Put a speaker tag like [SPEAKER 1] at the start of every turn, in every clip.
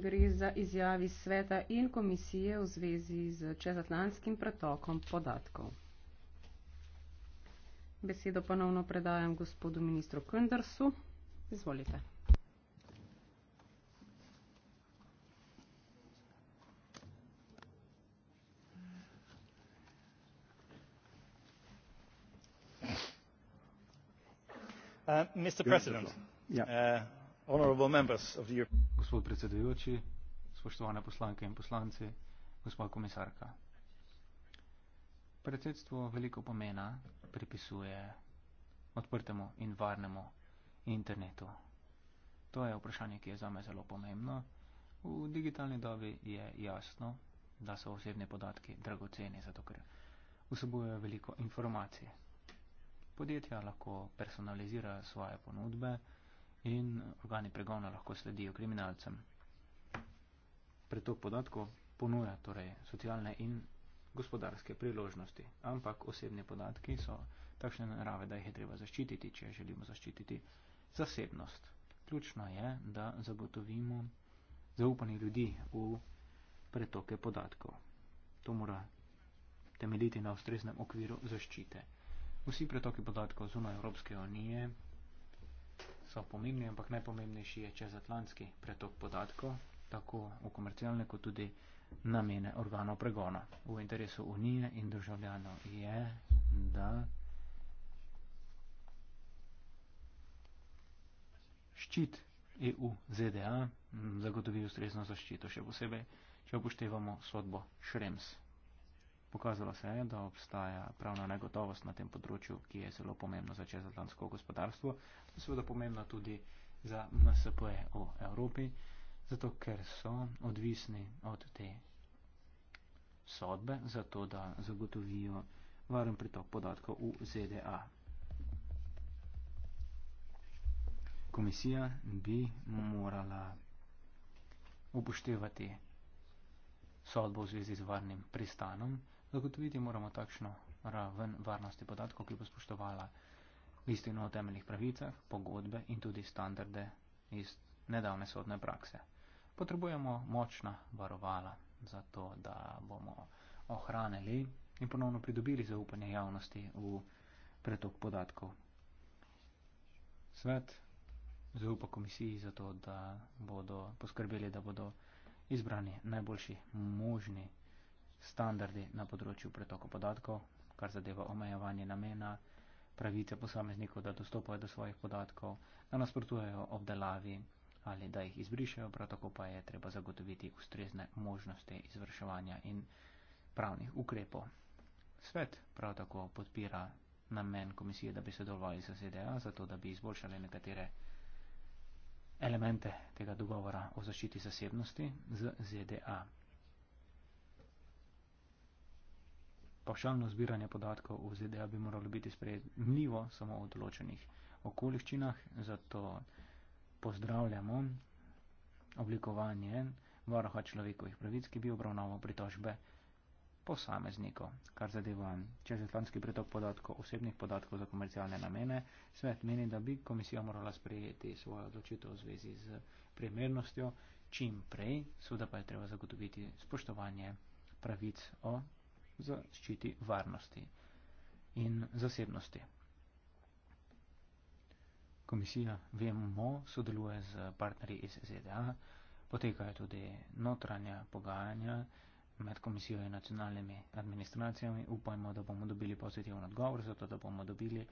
[SPEAKER 1] Gre za izjavi sveta in komisije v zvezi z čezatlantskim pretokom podatkov. Besedo ponovno predajam gospodu ministru Kundersu. Izvolite.
[SPEAKER 2] Uh, Mr. President, uh, gospod predsedujoči spoštovane poslanke in poslanci gospa komisarka predsedstvo veliko pomena pripisuje odprtemu in varnemu internetu to je vprašanje ki je zame zelo pomembno v digitalni dobi je jasno da so osebni podatki dragoceni zato ker vsebujejo veliko informacij podjetja lahko personalizirajo svoje ponudbe in organi pregona lahko sledijo kriminalcem. Pretok podatkov ponuja torej socialne in gospodarske priložnosti, ampak osebni podatki so takšne narave, da jih je treba zaščititi, če želimo zaščititi zasebnost. Ključno je, da zagotovimo zaupanje ljudi v pretoke podatkov. To mora temeljiti na ustreznem okviru zaščite. Vsi pretoki podatkov zunaj Evropske unije so pomembni, ampak najpomembnejši je čezatlantski pretok podatkov, tako v komercialne, kot tudi namene organov pregona. V interesu Unije in državljanov je, da ščit EU ZDA zagotovi ustrezno zaščito, še posebej, če upoštevamo sodbo Šrems. Pokazalo se je, da obstaja pravna negotovost na tem področju, ki je zelo pomembno za čezatlantsko gospodarstvo in seveda pomembno tudi za MSP-je v Evropi, zato ker so odvisni od te sodbe, zato da zagotovijo varen pritok podatkov v ZDA. Komisija bi morala upoštevati sodbo v zvezi z varnim pristanom, Zagotoviti moramo takšno raven varnosti podatkov, ki bo spoštovala listino o temeljnih pravicah, pogodbe in tudi standarde iz nedavne sodne prakse. Potrebujemo močna varovala za to, da bomo ohranili in ponovno pridobili zaupanje javnosti v pretok podatkov. Svet zaupa komisiji za to, da bodo poskrbeli, da bodo izbrani najboljši možni standardi na področju pretoka podatkov, kar zadeva omejevanje namena, pravice posameznikov, da dostopajo do svojih podatkov, da nasprotujejo obdelavi ali da jih izbrišajo, prav tako pa je treba zagotoviti ustrezne možnosti izvrševanja in pravnih ukrepov. Svet prav tako podpira namen komisije, da bi sodelovali z ZDA, zato da bi izboljšali nekatere elemente tega dogovora o zaščiti zasebnosti z ZDA. pašalno zbiranje podatkov v ZDA bi moralo biti sprejemljivo samo v določenih okoliščinah, zato pozdravljamo oblikovanje varoha človekovih pravic, ki bi obravnaval pritožbe posameznikov. Kar zadeva čezatlantski pretok podatkov, osebnih podatkov za komercialne namene, svet meni, da bi komisija morala sprejeti svojo odločitev v zvezi z primernostjo čim prej, seveda pa je treba zagotoviti spoštovanje pravic o zaščiti varnosti in zasebnosti. Komisija VMO sodeluje z partnerji iz ZDA, potekajo tudi notranja pogajanja med komisijo in nacionalnimi administracijami. Upajmo, da bomo dobili pozitivno odgovor, zato da bomo dobili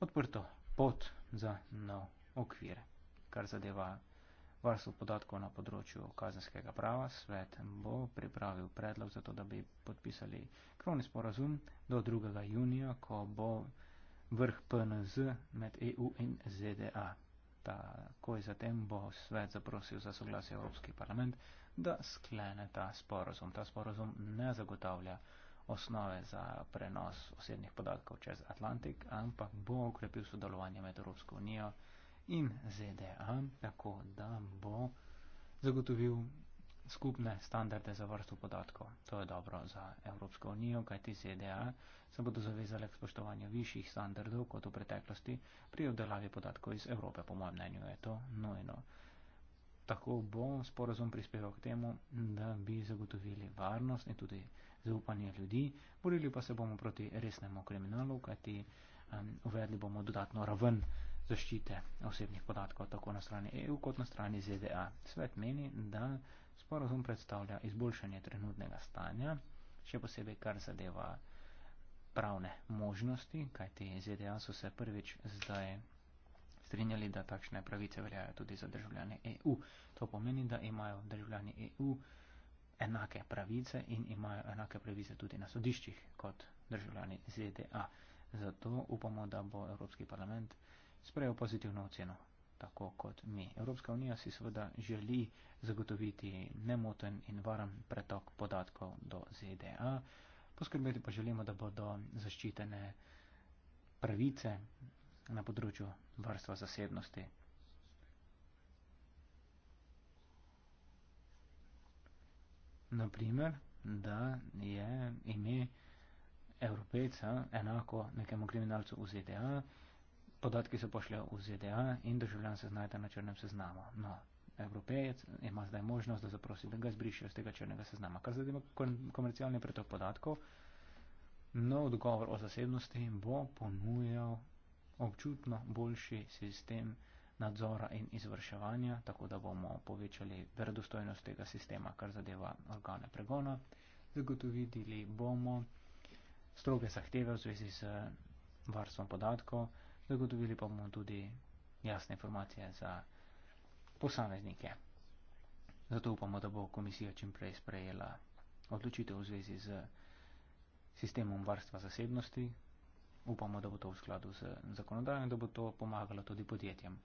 [SPEAKER 2] odprto pot za nov okvir, kar zadeva varstvo podatkov na področju kazenskega prava, svet bo pripravil predlog za to, da bi podpisali krovni sporazum do 2. junija, ko bo vrh PNZ med EU in ZDA. Takoj zatem bo svet zaprosil za soglasje Evropski parlament, da sklene ta sporozum. Ta sporozum ne zagotavlja osnove za prenos osebnih podatkov čez Atlantik, ampak bo ukrepil sodelovanje med Evropsko unijo in ZDA, tako da bo zagotovil skupne standarde za vrsto podatkov. To je dobro za Evropsko unijo, kajti ZDA se bodo zavezale k spoštovanju višjih standardov kot v preteklosti pri obdelavi podatkov iz Evrope. Po mojem mnenju je to nujno. Tako bo sporozum prispeval k temu, da bi zagotovili varnost in tudi zaupanje ljudi. Borili pa se bomo proti resnemu kriminalu, kajti um, uvedli bomo dodatno raven uh, zaščite osebnih podatkov tako na strani EU kot na strani ZDA. Svet meni, da sporozum predstavlja izboljšanje trenutnega stanja, še posebej kar zadeva pravne možnosti, kaj te ZDA so se prvič zdaj strinjali, da takšne pravice veljajo tudi za državljane EU. To pomeni, da imajo državljani EU enake pravice in imajo enake pravice tudi na sodiščih kot državljani ZDA. Zato upamo, da bo Evropski parlament sprejel pozitivno oceno, tako kot mi. Evropska unija si seveda želi zagotoviti nemoten in varen pretok podatkov do ZDA, poskrbeti pa želimo, da bodo zaščitene pravice na področju varstva zasebnosti. Naprimer, da je ime Evropejca enako nekemu kriminalcu v ZDA, podatki se pošljajo v ZDA in državljan se znajde na črnem seznamu. No, evropejec ima zdaj možnost, da zaprosi, da ga zbrišijo z tega črnega seznama. Kar zadeva komercialni pretok podatkov, nov dogovor o zasebnosti bo ponujal občutno boljši sistem nadzora in izvrševanja, tako da bomo povečali verodostojnost tega sistema, kar zadeva organe pregona. Zagotovili bomo stroge zahteve v zvezi z varstvom podatkov zagotovili pa bomo tudi jasne informacije za posameznike. Zato upamo, da bo komisija čimprej sprejela odločitev v zvezi z sistemom varstva zasebnosti. Upamo, da bo to v skladu z zakonodajem, da bo to pomagalo tudi podjetjem.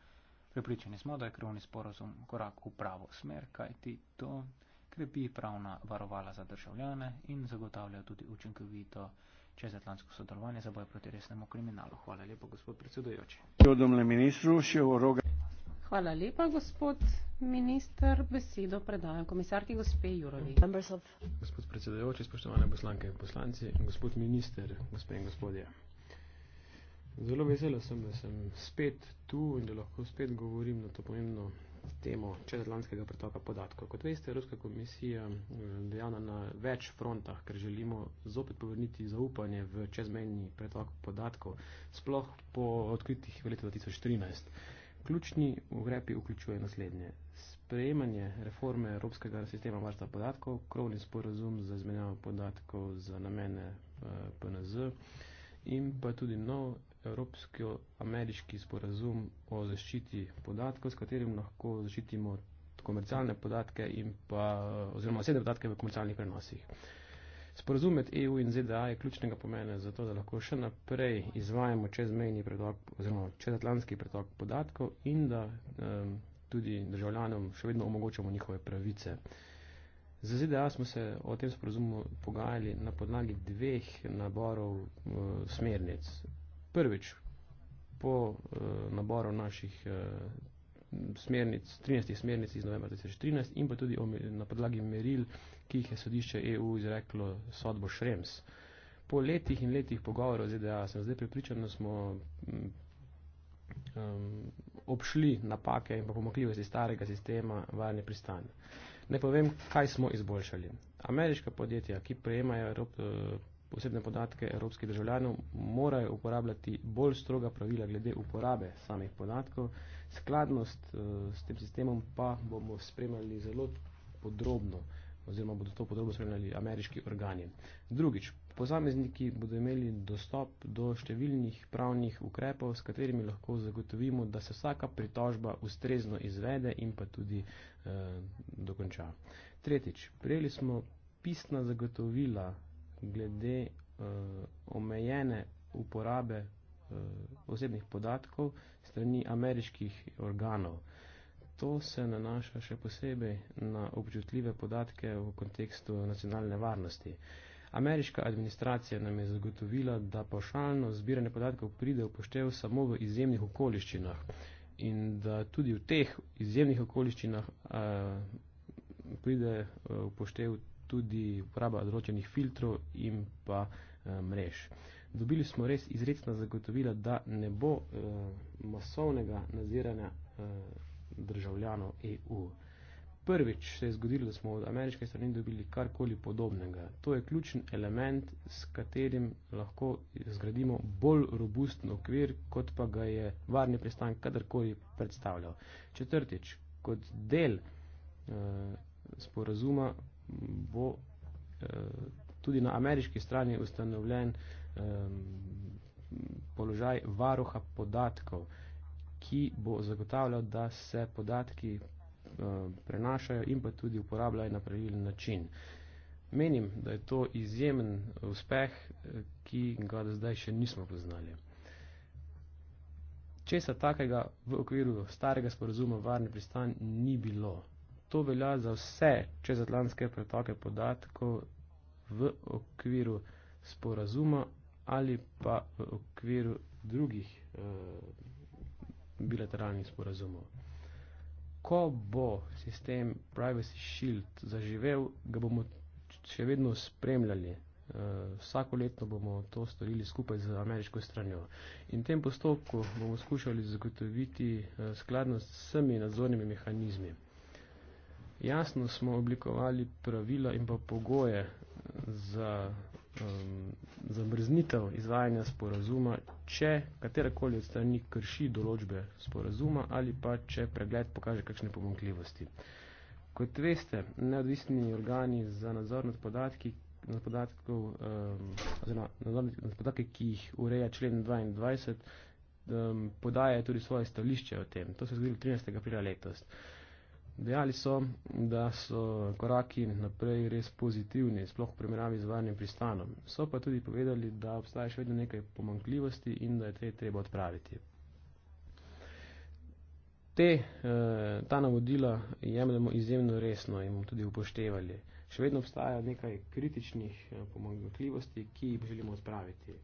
[SPEAKER 2] Prepričani smo, da je krovni sporozum korak v pravo smer, kajti to krepi pravna varovala za državljane in zagotavlja tudi učinkovito čez atlantsko sodelovanje za boj proti resnemu kriminalu. Hvala lepa, gospod predsedujoči.
[SPEAKER 1] Hvala lepa, gospod minister. Besedo predajam komisarki gospe Jurovi.
[SPEAKER 3] Gospod predsedujoči, spoštovane poslanke in poslanci, gospod minister, gospe in gospodje. Zelo vesela sem, da sem spet tu in da lahko spet govorim na to pomembno temo čezatlantskega pretoka podatkov. Kot veste, Evropska komisija eh, dejana na več frontah, ker želimo zopet povrniti zaupanje v čezmenji pretok podatkov, sploh po odkritih v letu 2013. Ključni ukrepi vključuje naslednje. Sprejemanje reforme Evropskega sistema varstva podatkov, krovni sporazum za izmenjavo podatkov za namene eh, PNZ in pa tudi nov evropsko-ameriški sporazum o zaščiti podatkov, s katerim lahko zaščitimo komercialne podatke in pa oziroma vse podatke v komercialnih prenosih. Sporazum med EU in ZDA je ključnega pomena za to, da lahko še naprej izvajamo čezmejni pretok oziroma čezatlantski pretok podatkov in da um, tudi državljanom še vedno omogočamo njihove pravice. Za ZDA smo se o tem sporozumu pogajali na podlagi dveh naborov uh, smernic prvič po uh, naboru naših uh, smernic, 13 smernic iz novembra 2013 in pa tudi o, na podlagi meril, ki jih je sodišče EU izreklo sodbo Šrems. Po letih in letih pogovorov z EDA sem zdaj pripričan, da smo um, obšli napake in pa pomakljivosti starega sistema varne pristanja. Ne povem, kaj smo izboljšali. Ameriška podjetja, ki prejemajo Evropo, uh, posebne podatke evropskih državljanov, morajo uporabljati bolj stroga pravila glede uporabe samih podatkov. Skladnost eh, s tem sistemom pa bomo spremljali zelo podrobno oziroma bodo to podrobno spremljali ameriški organi. Drugič, posamezniki bodo imeli dostop do številnih pravnih ukrepov, s katerimi lahko zagotovimo, da se vsaka pritožba ustrezno izvede in pa tudi eh, dokonča. Tretjič, prejeli smo pisna zagotovila glede uh, omejene uporabe uh, osebnih podatkov strani ameriških organov. To se nanaša še posebej na občutljive podatke v kontekstu nacionalne varnosti. Ameriška administracija nam je zagotovila, da pošalno zbiranje podatkov pride upoštev samo v izjemnih okoliščinah in da tudi v teh izjemnih okoliščinah uh, pride upoštev tudi uporaba določenih filtrov in pa eh, mrež. Dobili smo res izredna zagotovila, da ne bo eh, masovnega naziranja eh, državljanov EU. Prvič se je zgodilo, da smo od ameriške strani dobili karkoli podobnega. To je ključen element, s katerim lahko zgradimo bolj robusten okvir, kot pa ga je varni pristan kadarkoli predstavljal. Četrtič, kot del eh, sporazuma bo eh, tudi na ameriški strani ustanovljen položaj varuha podatkov, ki bo zagotavljal, da se podatki eh, prenašajo in pa tudi uporabljajo na pravilen način. Menim, da je to izjemen uspeh, eh, ki ga do zdaj še nismo poznali. Česa takega v okviru starega sporazuma varne pristan ni bilo. To velja za vse čezatlantske pretoke podatkov v okviru sporazuma ali pa v okviru drugih eh, bilateralnih sporazumov. Ko bo sistem Privacy Shield zaživel, ga bomo še vedno spremljali. Eh, vsako leto bomo to storili skupaj z ameriško stranjo. In v tem postopku bomo skušali zagotoviti eh, skladnost s vsemi nadzornimi mehanizmi. Jasno smo oblikovali pravila in pa pogoje za, um, za mrznitev izvajanja sporazuma, če katerakoli od strani krši določbe sporazuma ali pa če pregled pokaže kakšne pomankljivosti. Kot veste, neodvisni organi za nadzor nad podatki, nad podatkov, um, nadzor nad podatke, ki jih ureja člen 22, um, podajajo tudi svoje stališče o tem. To se je zgodilo 13. aprila letos. Dejali so, da so koraki naprej res pozitivni, sploh v primerjavi z varnim pristanom. So pa tudi povedali, da obstaja še vedno nekaj pomankljivosti in da je te treba odpraviti. Te, eh, ta navodila jemljemo izjemno resno in bomo tudi upoštevali. Še vedno obstaja nekaj kritičnih eh, pomankljivosti, ki jih želimo odpraviti.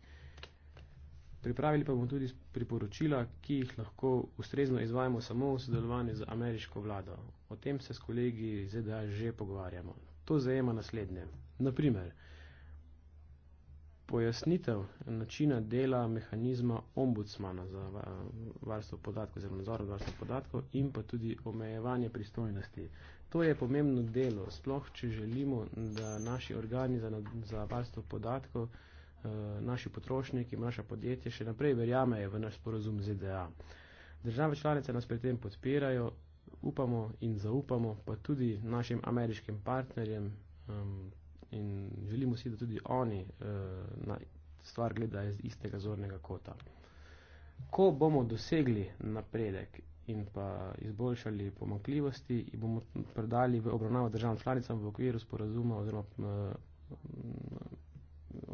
[SPEAKER 3] Pripravili pa bomo tudi priporočila, ki jih lahko ustrezno izvajamo samo v sodelovanju z ameriško vlado. O tem se s kolegi ZDA že pogovarjamo. To zajema naslednje. Naprimer, pojasnitev načina dela mehanizma ombudsmana za varstvo podatkov, oziroma nadzor varstva podatkov in pa tudi omejevanje pristojnosti. To je pomembno delo, sploh če želimo, da naši organi za, za varstvo podatkov, eh, naši potrošniki, naša podjetja še naprej verjamejo v naš sporozum ZDA. Države članice nas pri tem podpirajo, upamo in zaupamo, pa tudi našim ameriškim partnerjem um, in želimo si, da tudi oni uh, na stvar gledajo iz istega zornega kota. Ko bomo dosegli napredek in pa izboljšali pomakljivosti in bomo predali v obravnavo državam članicam v okviru sporazuma oziroma uh,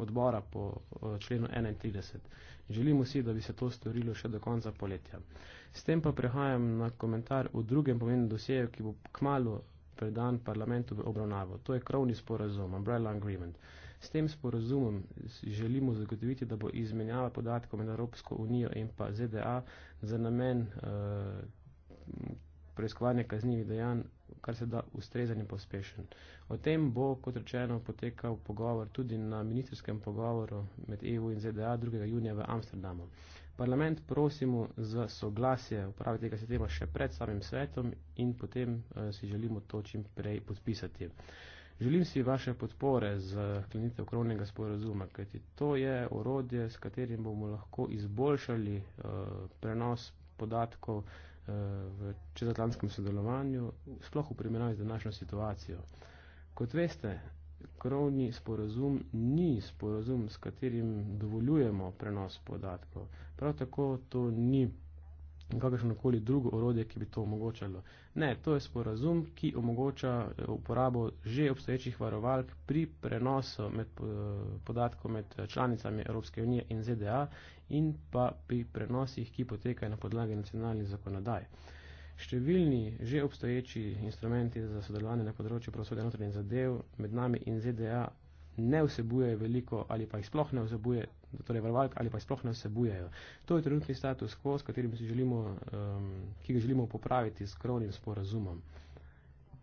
[SPEAKER 3] odbora po eh, členu 31. Želimo si, da bi se to storilo še do konca poletja. S tem pa prehajam na komentar v drugem pomenu dosjeju, ki bo kmalo predan parlamentu v obravnavo. To je krovni sporazum, umbrella agreement. S tem sporazumom želimo zagotoviti, da bo izmenjava podatkov med Evropsko unijo in pa ZDA za namen uh, preiskovanja kaznjivih dejanj kar se da ustrezen in pospešen. O tem bo, kot rečeno, potekal pogovor tudi na ministerskem pogovoru med EU in ZDA 2. junija v Amsterdamu. Parlament prosimo za soglasje upraviti tega sistema še pred samim svetom in potem eh, si želimo to čim prej podpisati. Želim si vaše podpore za sklenitev krovnega sporazuma, kajti to je orodje, s katerim bomo lahko izboljšali eh, prenos podatkov. Eh, v čezatlantskem sodelovanju, sploh v primerjavi z današnjo situacijo. Kot veste, krovni sporazum ni sporazum, s katerim dovoljujemo prenos podatkov. Prav tako to ni in kakršno koli drugo orodje, ki bi to omogočalo. Ne, to je sporazum, ki omogoča eh, uporabo že obstoječih varovalk pri prenosu med eh, podatkov med eh, članicami Evropske unije in ZDA in pa pri prenosih, ki potekajo na podlagi nacionalnih zakonodaj. Številni že obstoječi instrumenti za sodelovanje na področju prosodja notranjih zadev med nami in ZDA ne vsebujejo veliko ali pa jih sploh ne vsebuje, torej varovalk ali pa jih sploh ne vsebujejo. To je trenutni status quo, s katerim si želimo, um, ki ga želimo popraviti s krovnim sporazumom.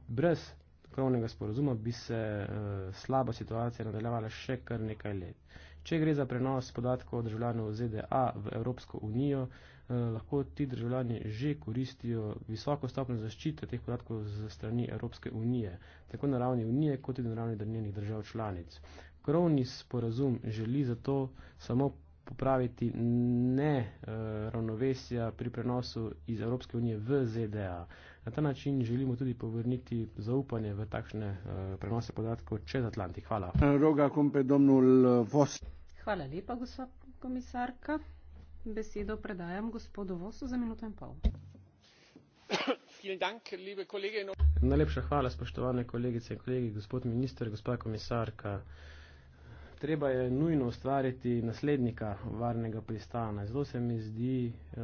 [SPEAKER 3] Brez krovnega sporazuma bi se uh, slaba situacija nadaljevala še kar nekaj let. Če gre za prenos podatkov državljanov ZDA v Evropsko unijo, Eh, lahko ti državljani že koristijo visoko stopno zaščite teh podatkov za strani Evropske unije, tako na ravni unije, kot tudi na ravni njenih držav članic. Krovni sporazum želi zato samo popraviti ne eh, ravnovesja pri prenosu iz Evropske unije v ZDA. Na ta način želimo tudi povrniti zaupanje v takšne eh, prenose podatkov čez Atlantik. Hvala.
[SPEAKER 1] Hvala lepa, gospod komisarka. Besedo predajam gospodu Vosu za minuto in
[SPEAKER 3] pol. Najlepša hvala, spoštovane kolegice in kolegi, gospod minister, gospa komisarka. Treba je nujno ustvariti naslednika varnega pristana. Zelo se mi zdi eh,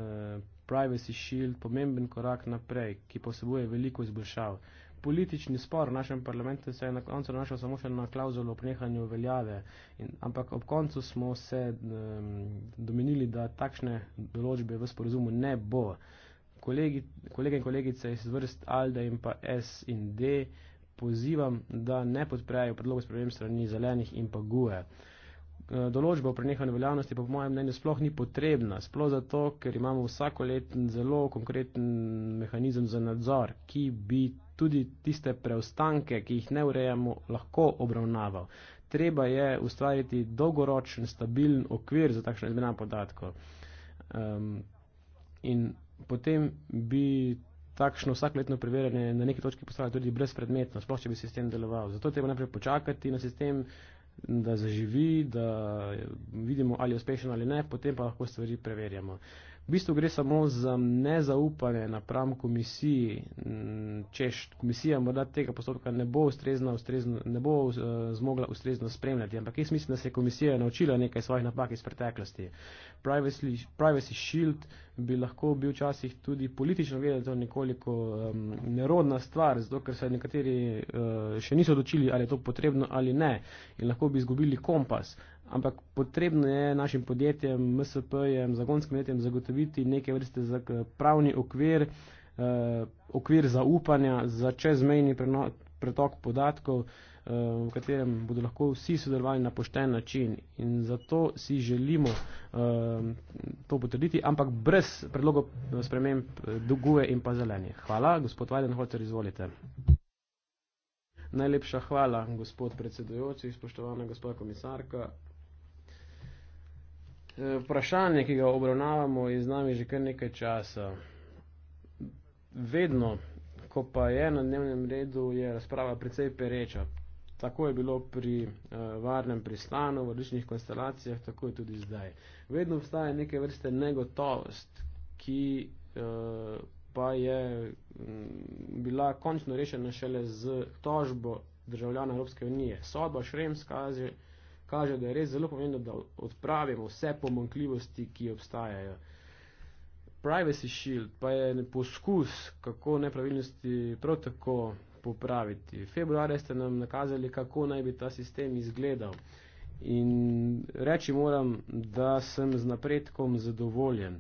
[SPEAKER 3] Privacy Shield pomemben korak naprej, ki posebuje veliko izboljšav politični spor v našem parlamentu se je na koncu našel samo še na klauzulo o prenehanju veljave, in, ampak ob koncu smo se um, domenili, da takšne določbe v sporozumu ne bo. Kolegi, kolege in kolegice iz vrst ALDE in pa S in D pozivam, da ne podprejo predlogo sprememb strani zelenih in pa GUE. E, določba o prenehanju veljavnosti pa po mojem mnenju sploh ni potrebna, sploh zato, ker imamo vsako leto zelo konkreten mehanizem za nadzor, ki bi tudi tiste preostanke, ki jih ne urejamo, lahko obravnaval. Treba je ustvariti dolgoročen, stabilen okvir za takšno izmena podatkov. Um, in potem bi takšno vsakletno preverjanje na neki točki postalo tudi brezpredmetno, sploh če bi sistem deloval. Zato treba najprej počakati na sistem, da zaživi, da vidimo, ali je uspešen ali ne, potem pa lahko stvari preverjamo. Uh, V bistvu gre samo za nezaupanje napram komisiji, češ komisija morda tega postopka ne bo, ustrezna, ustrezno, ne bo uh, zmogla ustrezno spremljati, ampak jaz mislim, da se je komisija naučila nekaj svojih napak iz preteklosti. Privacy, privacy shield bi lahko bil včasih tudi politično gledati nekoliko um, nerodna stvar, zato ker se nekateri uh, še niso odločili, ali je to potrebno ali ne in lahko bi izgubili kompas ampak potrebno je našim podjetjem, MSP-jem, zagonskim podjetjem zagotoviti neke vrste pravni okvir, eh, okvir zaupanja za čezmejni pretok podatkov, eh, v katerem bodo lahko vsi sodelovali na pošten način in zato si želimo eh, to potrditi, ampak brez predlogov eh, sprememb eh, duguje in pa zelenje. Hvala, gospod Weidenholzer, izvolite. Najlepša hvala, gospod predsedujoči, spoštovana gospoda komisarka vprašanje, ki ga obravnavamo in z nami že kar nekaj časa. Vedno, ko pa je na dnevnem redu, je razprava precej pereča. Tako je bilo pri uh, varnem pristanu, v različnih konstelacijah, tako je tudi zdaj. Vedno obstaja neke vrste negotovost, ki uh, pa je m, mm, bila končno rešena šele z tožbo državljana Evropske unije. Sodba Šremska kaže, kaže, da je res zelo pomembno, da odpravimo vse pomankljivosti, ki obstajajo. Privacy Shield pa je poskus, kako nepravilnosti prav tako popraviti. Februarja ste nam nakazali, kako naj bi ta sistem izgledal. In reči moram, da sem z napredkom zadovoljen.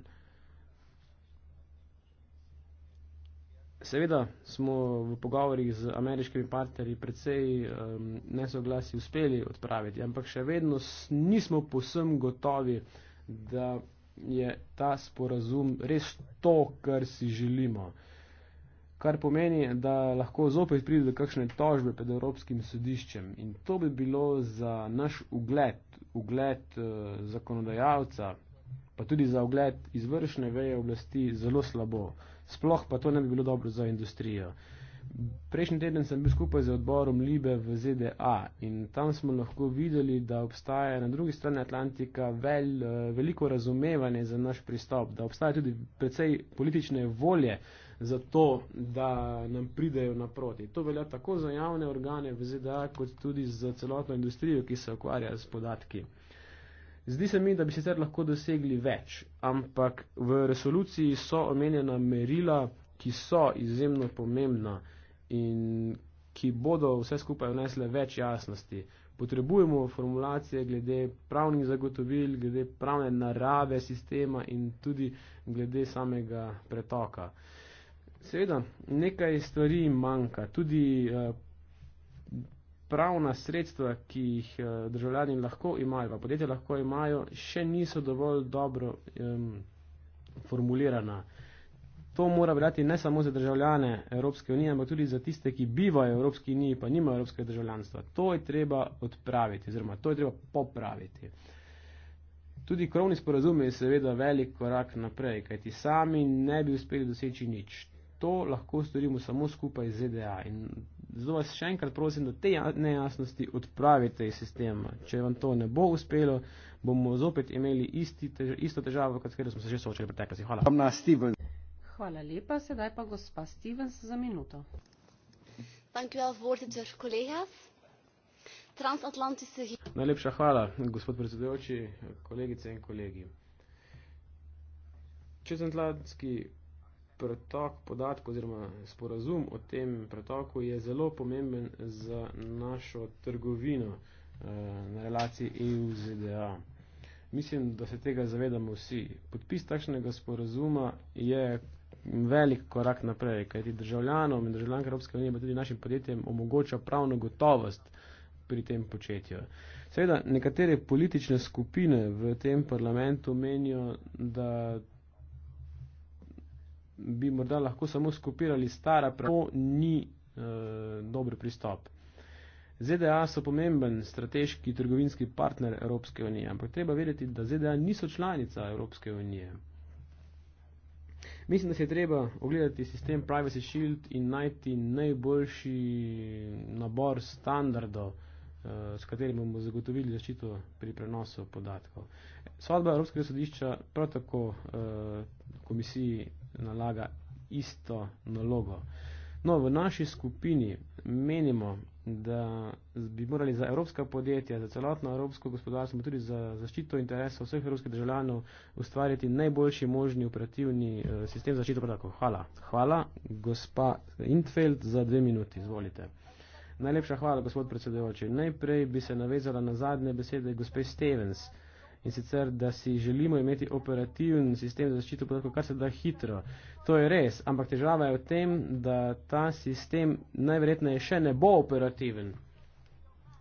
[SPEAKER 3] Seveda smo v pogovorih z ameriškimi partnerji precej um, nesoglasi uspeli odpraviti, ampak še vedno nismo posem gotovi, da je ta sporazum res to, kar si želimo. Kar pomeni, da lahko zopet pride do kakšne tožbe pred Evropskim sodiščem in to bi bilo za naš ugled, ugled uh, zakonodajalca pa tudi za ogled izvršne veje oblasti zelo slabo. Sploh pa to ne bi bilo dobro za industrijo. Prejšnji teden sem bil skupaj z odborom Libe v ZDA in tam smo lahko videli, da obstaja na drugi strani Atlantika vel, eh, veliko razumevanje za naš pristop, da obstaja tudi precej politične volje za to, da nam pridejo naproti. To velja tako za javne organe v ZDA, kot tudi za celotno industrijo, ki se ukvarja s podatki. Zdi se mi, da bi sicer lahko dosegli več, ampak v resoluciji so omenjena merila, ki so izjemno pomembna in ki bodo vse skupaj vnesle več jasnosti. Potrebujemo formulacije glede pravnih zagotovil, glede pravne narave sistema in tudi glede samega pretoka. Seveda, nekaj stvari manjka, tudi eh, pravna sredstva, ki jih eh, državljani lahko imajo, pa podjetja lahko imajo, še niso dovolj dobro um, formulirana. To mora veljati ne samo za državljane Evropske unije, ampak tudi za tiste, ki bivajo v Evropski uniji, pa nimajo evropskega državljanstva. To je treba odpraviti, oziroma to je treba popraviti. Tudi krovni sporazum je seveda velik korak naprej, kajti sami ne bi uspeli doseči nič. To lahko storimo samo skupaj z ZDA in Zato vas še enkrat prosim, da te ja-, nejasnosti odpravite iz sistema. Če vam to ne bo uspelo, bomo zopet imeli isti tež, isto težavo, kot smo se že soočali v preteklosti. Hvala.
[SPEAKER 1] Hvala lepa, sedaj pa gospa Stevens za minuto.
[SPEAKER 3] Najlepša hvala, gospod predsedujoči, kolegice in kolegi. Čezantlantski pretok podatkov oziroma sporazum o tem pretoku je zelo pomemben za našo trgovino eh, na relaciji EU-ZDA. Mislim, da se tega zavedamo vsi. Podpis takšnega sporazuma je velik korak naprej, kajti državljanom in državljankam Evropske unije, pa tudi našim podjetjem, omogoča pravno gotovost pri tem početju. Seveda, nekatere politične skupine v tem parlamentu menijo, da bi morda lahko samo skopirali stara, prav to ni eh, dober pristop. ZDA so pomemben strateški trgovinski partner Evropske unije, ampak treba vedeti, da ZDA niso članica Evropske unije. Mislim, da se je treba ogledati sistem Privacy Shield in najti najboljši nabor standardov, eh, s katerim bomo zagotovili zaščito pri prenosu podatkov. Svadba Evropskega sodišča prav tako eh, komisiji nalaga isto nalogo. No, v naši skupini menimo, da bi morali za evropska podjetja, za celotno evropsko gospodarstvo, tudi za zaščito interesov vseh evropskih državljanov ustvarjati najboljši možni operativni eh, sistem zaščite podatkov. Hvala. Hvala, gospa Intfeld, za dve minuti. Izvolite. Najlepša hvala, gospod predsedujoči. Najprej bi se navezala na zadnje besede gospe Stevens in sicer, da si želimo imeti operativen sistem za zaščito podatkov, kar se da hitro. To je res, ampak težava je v tem, da ta sistem najverjetneje še ne bo operativen.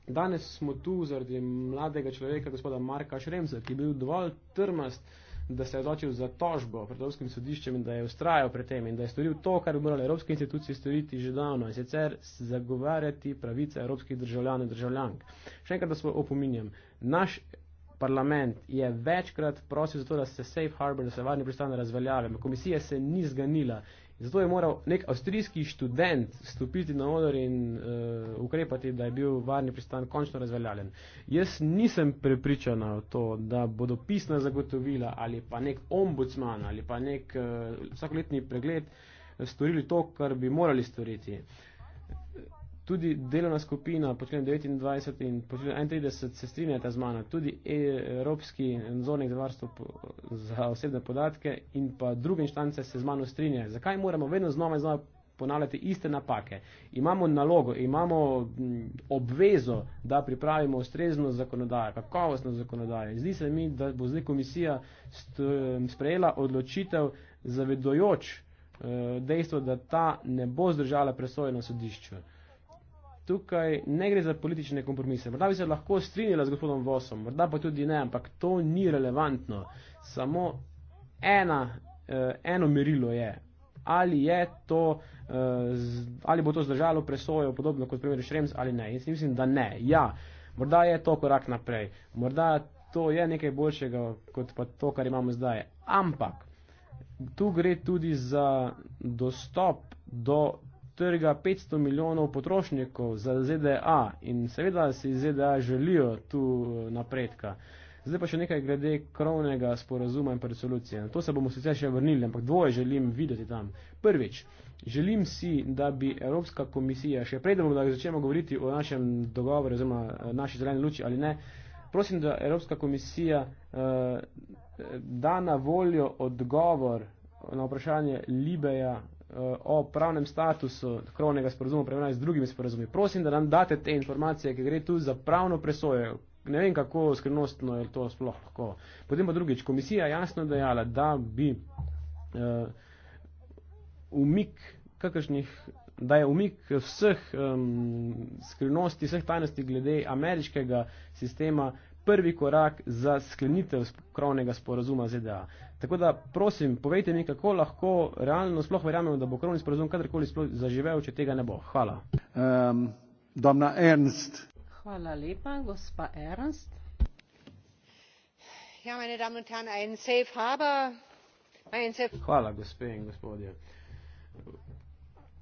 [SPEAKER 3] Danes smo tu zaradi mladega človeka, gospoda Marka Šremca, ki je bil dovolj trmast, da se je odločil za tožbo pred Evropskim sodiščem in da je ustrajal pred tem in da je storil to, kar bi morali evropske institucije storiti že davno in sicer zagovarjati pravice evropskih državljanov in državljank. Še enkrat, da se opominjam, naš parlament je večkrat prosil za to, da se safe harbor, da se varni pristane razveljavi. Komisija se ni zganila. Zato je moral nek avstrijski študent stopiti na odor in uh, ukrepati, da je bil varni pristan končno razveljavljen. Jaz nisem prepričana v to, da bodo pisna zagotovila ali pa nek ombudsman ali pa nek uh, vsakoletni pregled storili to, kar bi morali storiti. Uh, tudi delovna skupina pod členom 29 in pod členom 31 se strinjata z mano, tudi e, Evropski nadzornik za varstvo za osebne podatke in pa druge inštance se z mano strinjajo. Zakaj moramo vedno znova in znova ponavljati iste napake? Imamo nalogo, imamo obvezo, da pripravimo ustrezno zakonodajo, kakovostno zakonodajo. Zdi se mi, da bo zdaj komisija sprejela odločitev zavedojoč e, dejstvo, da ta ne bo zdržala presojeno sodišče tukaj ne gre za politične kompromise. Morda bi se lahko strinjala z gospodom Vosom, morda pa tudi ne, ampak to ni relevantno. Samo ena, eh, eno merilo je, ali, je to, eh, ali bo to zdržalo presojo, podobno kot primer Šrems ali ne. Jaz mislim, da ne. Ja, morda je to korak naprej, morda to je nekaj boljšega kot pa to, kar imamo zdaj. Ampak. Tu gre tudi za dostop do trga 500 milijonov potrošnikov za ZDA in seveda si ZDA želijo tu eh, napredka. Zdaj pa še nekaj glede krovnega sporazuma in resolucije. Na to se bomo sicer še vrnili, ampak dvoje želim videti tam. Prvič, želim si, da bi Evropska komisija, še predem, da začnemo govoriti o našem dogovoru, oziroma eh, naši zeleni luči ali ne, prosim, da Evropska komisija eh, da na voljo odgovor na vprašanje Libeja Eh, o pravnem statusu krovnega sporozuma prevena z drugimi sporozumi. Prosim, da nam date te informacije, ki gre tu za pravno presojo. Ne vem, kako skrivnostno je to sploh lahko. Potem pa drugič, komisija jasno dejala, da bi uh, umik kakršnih, da je umik vseh um, skrivnosti, vseh tajnosti glede ameriškega sistema prvi korak za sklenitev krovnega sporozuma ZDA. Tako da, prosim, povejte mi, kako lahko realno sploh verjamemo, da bo krovni sporozum kadarkoli sploh zaživel, če tega ne bo. Hvala. Um, domna Ernst.
[SPEAKER 1] Hvala lepa, gospa Ernst.
[SPEAKER 3] Ja, meni damo tam en safe harbor. Safe... Hvala, gospe in gospodje.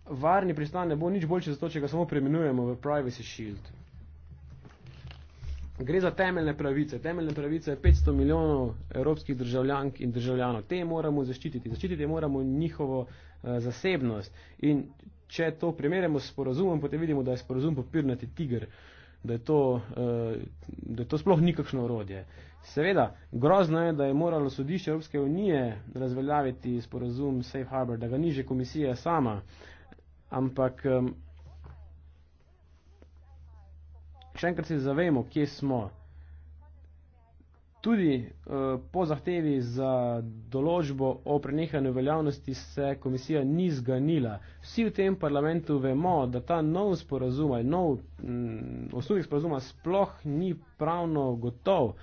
[SPEAKER 3] Varni pristan ne bo nič boljše, zato če ga samo preimenujemo v privacy shield. Gre za temeljne pravice. Temeljne pravice je 500 milijonov evropskih državljank in državljanov. Te moramo zaščititi. Zaščititi moramo njihovo uh, zasebnost. In če to primerjamo s porazumom, potem vidimo, da je sporazum popirnati tiger. Da je, to, uh, da je to sploh nikakšno orodje. Seveda, grozno je, da je moralo sodišče Evropske unije razveljaviti sporazum Safe Harbor, da ga niže komisija sama. Ampak... Um, še enkrat se zavemo, kje smo. Tudi uh, po zahtevi za določbo o prenehanju veljavnosti se komisija ni zganila. Vsi v tem parlamentu vemo, da ta nov sporazum ali nov mm, osnovni sporazum sploh ni pravno gotov.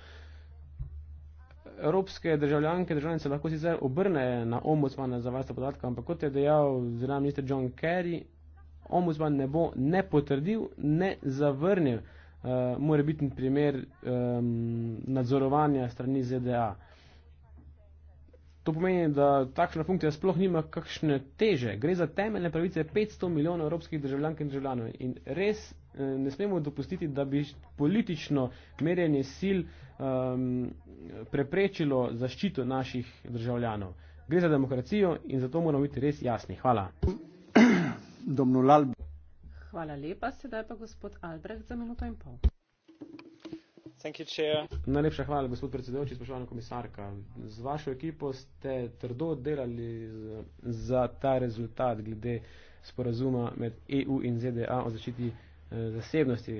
[SPEAKER 3] Evropske državljanke, državljanice lahko sicer obrnejo na ombudsmana za varstvo podatkov, ampak kot je dejal zelo minister John Kerry, ombudsman ne bo ne potrdil, ne zavrnil uh, mora biti primer um, nadzorovanja strani ZDA. To pomeni, da takšna funkcija sploh nima kakšne teže. Gre za temeljne pravice 500 milijonov evropskih državljank in državljanov. In res eh, ne smemo dopustiti, da bi politično merjenje sil um, preprečilo zaščito naših državljanov. Gre za demokracijo in zato moramo biti res jasni. Hvala. Domnul Albi.
[SPEAKER 1] Hvala lepa. Sedaj pa gospod Albrecht za minuto in pol.
[SPEAKER 3] Najlepša hvala, gospod predsedujoči, spoštovana komisarka. Z vašo ekipo ste trdo delali za ta rezultat glede sporazuma med EU in ZDA o zaščiti eh, zasebnosti.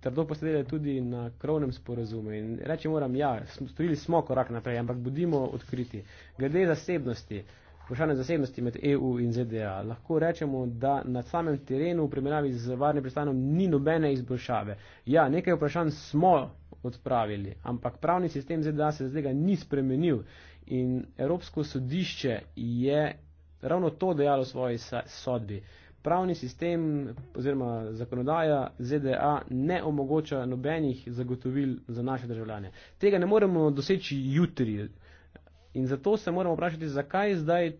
[SPEAKER 3] Trdo pa ste delali tudi na krovnem sporazumu in reči moram, ja, stojili smo korak naprej, ampak bodimo odkriti. Glede zasebnosti vprašanje zasebnosti med EU in ZDA. Lahko rečemo, da na samem terenu v primerjavi z varnim pristanom ni nobene izboljšave. Ja, nekaj vprašanj smo odpravili, ampak pravni sistem ZDA se zdaj ga ni spremenil in Evropsko sodišče je ravno to dejalo v svoji sodbi. Pravni sistem oziroma zakonodaja ZDA ne omogoča nobenih zagotovil za naše državljane. Tega ne moremo doseči jutri, In zato se moramo vprašati, zakaj zdaj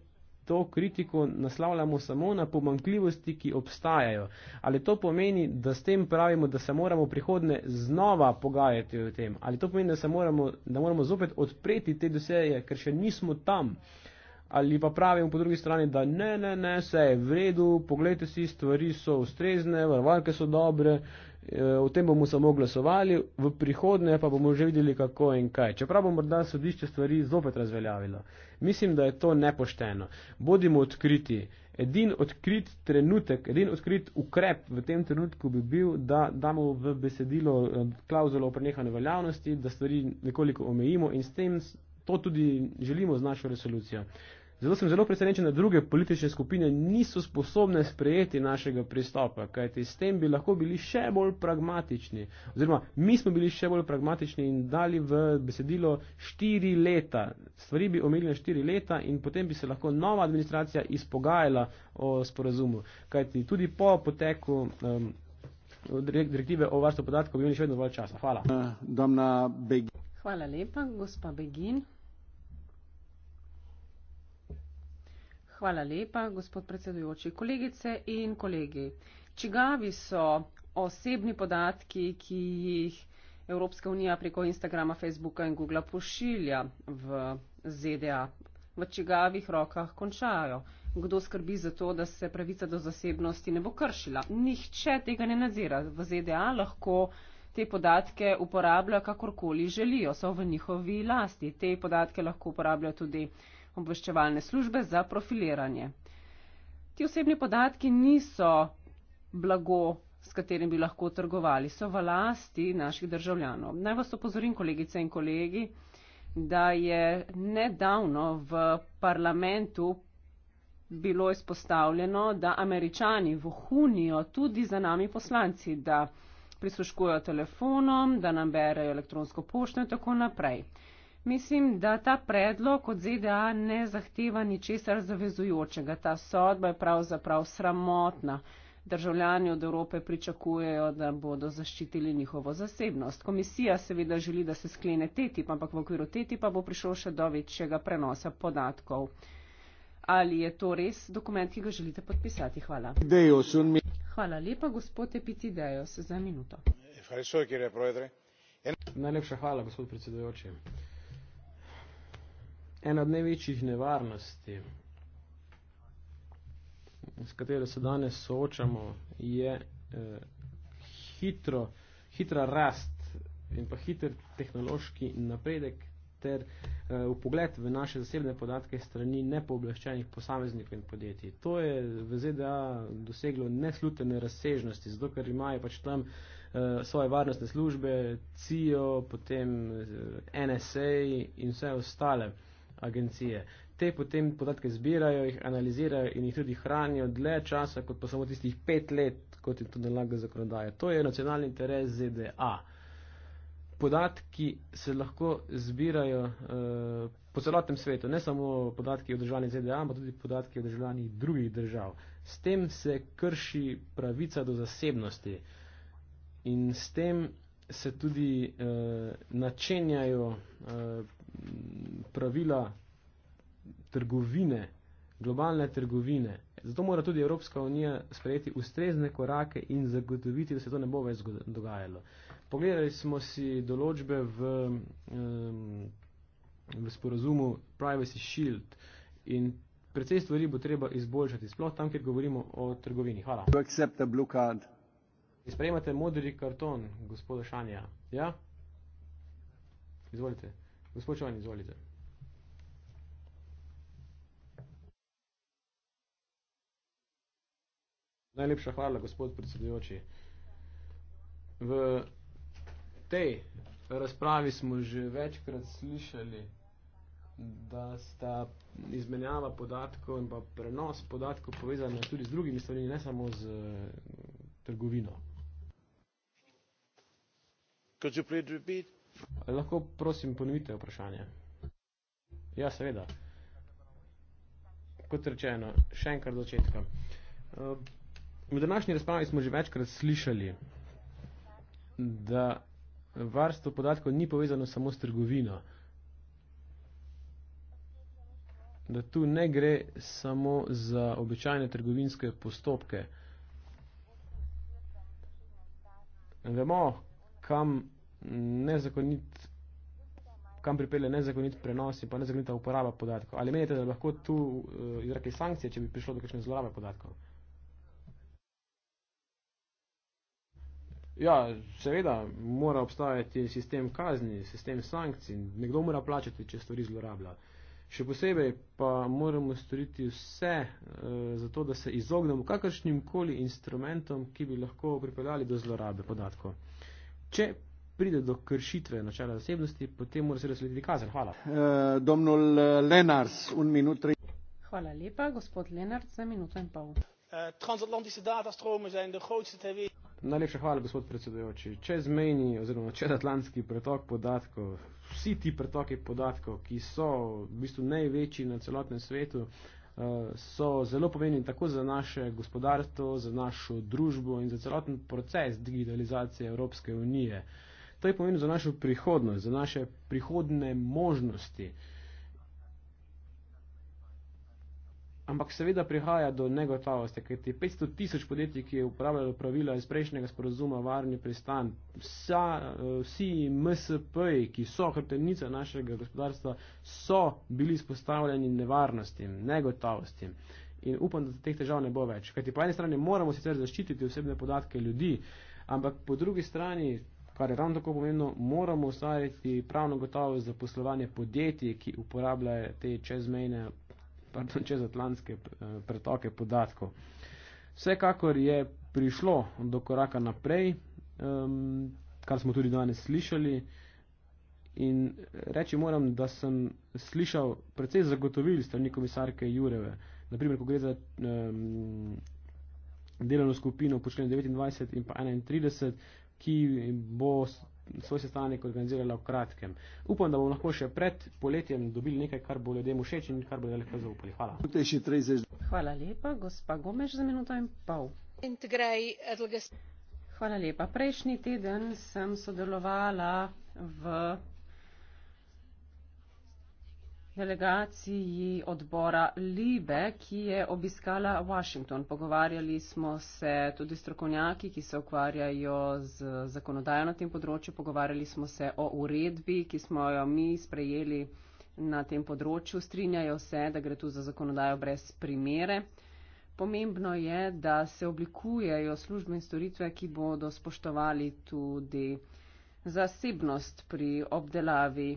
[SPEAKER 3] to kritiko naslavljamo samo na pomankljivosti, ki obstajajo. Ali to pomeni, da s tem pravimo, da se moramo prihodne znova pogajati o tem? Ali to pomeni, da, se moramo, da moramo zopet odpreti te doseje, ker še nismo tam? Ali pa pravimo po drugi strani, da ne, ne, ne, vse je v redu, pogledajte si, stvari so ustrezne, varovalke so dobre, Eh, o tem bomo samo glasovali, v prihodnje pa bomo že videli, kako in kaj. Čeprav bo morda sodišče stvari zopet razveljavilo. Mislim, da je to nepošteno. Bodimo odkriti. Edin odkrit trenutek, edin odkrit ukrep v tem trenutku bi bil, da damo v besedilo eh, klauzulo o prenehanju veljavnosti, da stvari nekoliko omejimo in s tem to tudi želimo z našo resolucijo. Zelo sem zelo presenečen, da druge politične skupine niso sposobne sprejeti našega pristopa, kajti s tem bi lahko bili še bolj pragmatični. Oziroma, mi smo bili še bolj pragmatični in dali v besedilo štiri leta. Stvari bi omiljene štiri leta in potem bi se lahko nova administracija izpogajala o sporazumu. Kajti tudi po poteku. Um, direktive o varstvu podatkov, bi imeli še vedno dovolj časa. Hvala. Eh,
[SPEAKER 1] Hvala lepa, gospa Begin. Hvala lepa, gospod predsedujoči. Kolegice in kolegi, čigavi so osebni podatki, ki jih Evropska unija preko Instagrama, Facebooka in Googla pošilja v ZDA? V čigavih rokah končajo. Kdo skrbi za to, da se pravica do zasebnosti ne bo kršila? Nihče tega ne nadzira. V ZDA lahko te podatke uporabljajo kakorkoli želijo, so v njihovi lasti. Te podatke lahko uporabljajo tudi obveščevalne službe za profiliranje. Ti osebni podatki niso blago, s katerim bi lahko trgovali, so v lasti naših državljanov. Naj vas opozorim, kolegice in kolegi, da je nedavno v parlamentu bilo izpostavljeno, da američani vohunijo tudi za nami poslanci, da prisluškujo telefonom, da nam berejo elektronsko pošto in tako naprej. Mislim, da ta predlog od ZDA ne zahteva ničesar zavezujočega. Ta sodba je pravzaprav sramotna. Državljani od Evrope pričakujejo, da bodo zaščitili njihovo zasebnost. Komisija seveda želi, da se sklene TTIP, ampak v okviru TTIP-a bo prišlo še do večjega prenosa podatkov. Ali je to res dokument, ki ga želite podpisati? Hvala. Hvala lepa, gospod
[SPEAKER 3] Epicidejos, za minuto. Najlepša hvala, gospod predsedujoči ena od največjih nevarnosti, s katero se danes soočamo, je eh, hitro, hitra rast in pa hiter tehnološki napredek ter eh, v pogled v naše zasebne podatke strani nepooblaščenih posameznikov in podjetij. To je v ZDA doseglo neslutene razsežnosti, zato ker imajo pač tam eh, svoje varnostne službe, CIO, potem eh, NSA in vse ostale. Eh, agencije. Te potem podatke zbirajo, jih analizirajo in jih tudi hranijo dlje časa, kot pa samo tistih pet let, kot je to nalaga zakonodaja. To je nacionalni interes ZDA. Podatki se lahko zbirajo uh, po celotnem svetu, ne samo podatki o državljanih ZDA, ampak tudi podatki o državljanih drugih držav. S tem se krši pravica do zasebnosti in s tem se tudi uh, načenjajo uh, pravila trgovine, globalne trgovine. Zato mora tudi Evropska unija sprejeti ustrezne korake in zagotoviti, da se to ne bo več dogajalo. Pogledali smo si določbe v, v sporozumu Privacy Shield in precej stvari bo treba izboljšati, sploh tam, kjer govorimo o trgovini. Hvala. Sprejemate modri karton, gospoda Šanja. Ja? Izvolite. Gospod Čovan, izvolite. Najlepša hvala, gospod predsedujoči. V tej razpravi smo že večkrat slišali, da sta izmenjava podatkov in pa prenos podatkov povezana tudi z drugimi stvarmi, ne samo z trgovino. Could you please repeat Lahko prosim ponovite vprašanje? Ja, seveda. Kot rečeno, še enkrat začetka. Eh, v današnji razpravi smo že večkrat slišali, da varstvo podatkov ni povezano samo s trgovino. Da tu ne gre samo za običajne trgovinske postopke. Vemo, kam nezakonit, kam pripelje nezakonit prenos in pa nezakonita uporaba podatkov. Ali menite, da lahko tu uh, izrekli sankcije, če bi prišlo do kakšne zlorabe podatkov? Ja, seveda mora obstajati sistem kazni, sistem sankcij, nekdo mora plačati, če stvari zlorablja. Še posebej pa moramo storiti vse e, za to, da se izognemo kakršnim koli instrumentom, ki bi lahko pripeljali do zlorabe podatkov. Če pride do kršitve načela zasebnosti, potem mora seveda slediti kazen. Hvala. E,
[SPEAKER 1] Hvala lepa, gospod Lenarc, za minuto in pol. Eh,
[SPEAKER 3] Transatlantske datastrome so največje TV. Najlepša hvala, gospod predsedujoči. Čezmejni oziroma čezatlantski pretok podatkov, vsi ti pretoki podatkov, ki so v bistvu največji na celotnem svetu, so zelo pomembni tako za naše gospodarstvo, za našo družbo in za celoten proces digitalizacije Evropske unije. To je pomembno za našo prihodnost, za naše prihodne možnosti. Ampak seveda prihaja do negotovosti, ker ti 500 tisoč podjetij, ki je uporabljalo pravila iz prejšnjega sporozuma varni pristan, vsa, eh, vsi MSP, ki so hrtenica našega gospodarstva, so bili izpostavljeni nevarnostim, negotovostim. In upam, da teh težav ne bo več. Ker ti po eni strani moramo sicer zaščititi osebne podatke ljudi, ampak po drugi strani kar je ravno tako pomembno, moramo ustvariti pravno gotovo za poslovanje podjetij, ki uporabljajo te čezmejne, pardon, čezatlantske eh, pretoke podatkov. Vsekakor je prišlo do koraka naprej, um, kar smo tudi danes slišali. In reči moram, da sem slišal precej zagotovil strani komisarke Jureve. Naprimer, ko gre za um, delovno skupino po členu 29 in pa 31, ki bo svoj sestanek organizirala v kratkem. Upam, da bomo lahko še pred poletjem dobili nekaj, kar bo ljudem všeč in kar bo lahko zaupali. Hvala.
[SPEAKER 1] Hvala lepa, gospa Gomeš, za minuto in pol. Hvala lepa. Prejšnji teden sem sodelovala v delegaciji odbora Libe, ki je obiskala Washington. Pogovarjali smo se tudi strokovnjaki, ki se ukvarjajo z zakonodajo na tem področju. Pogovarjali smo se o uredbi, ki smo jo mi sprejeli na tem področju. Strinjajo se, da gre tu za zakonodajo brez primere. Pomembno je, da se oblikujejo službe in storitve, ki bodo spoštovali tudi zasebnost pri obdelavi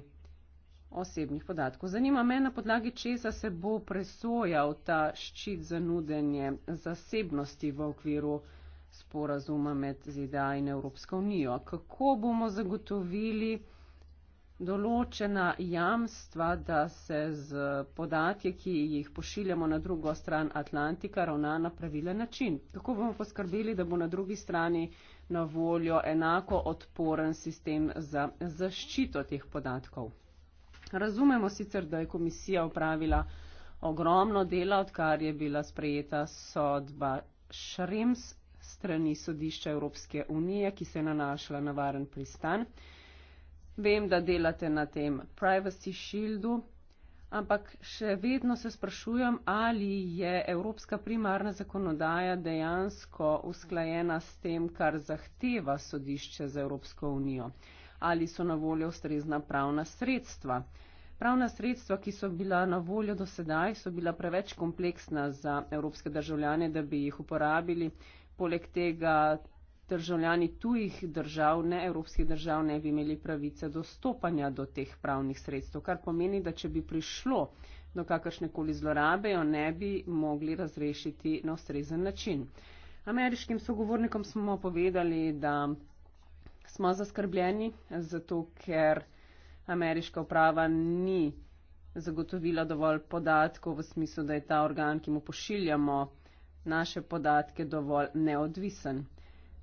[SPEAKER 1] osebnih podatkov. Zanima me, na podlagi česa se bo presojal ta ščit za nudenje zasebnosti v okviru sporazuma med ZDA in Evropsko unijo. Kako bomo zagotovili določena jamstva, da se z podatje, ki jih pošiljamo na drugo stran Atlantika, ravna na pravilen način. Kako bomo poskrbeli, da bo na drugi strani na voljo enako odporen sistem za zaščito teh podatkov? Razumemo sicer, da je komisija upravila ogromno dela, odkar je bila sprejeta sodba Šrems strani sodišča Evropske unije, ki se je nanašala na varen pristan. Vem, da delate na tem Privacy Shieldu, ampak še vedno se sprašujem, ali je evropska primarna zakonodaja dejansko usklajena s tem, kar zahteva sodišče za Evropsko unijo ali so na voljo ustrezna pravna sredstva. Pravna sredstva, ki so bila na voljo do sedaj, so bila preveč kompleksna za evropske državljane, da bi jih uporabili. Poleg tega državljani tujih držav, ne evropskih držav, ne bi imeli pravice dostopanja do teh pravnih sredstev, kar pomeni, da če bi prišlo do kakršnekoli zlorabe, jo ne bi mogli razrešiti na ustrezen način. Ameriškim sogovornikom smo povedali, da smo zaskrbljeni, zato ker ameriška uprava ni zagotovila dovolj podatkov v smislu, da je ta organ, ki mu pošiljamo naše podatke, dovolj neodvisen.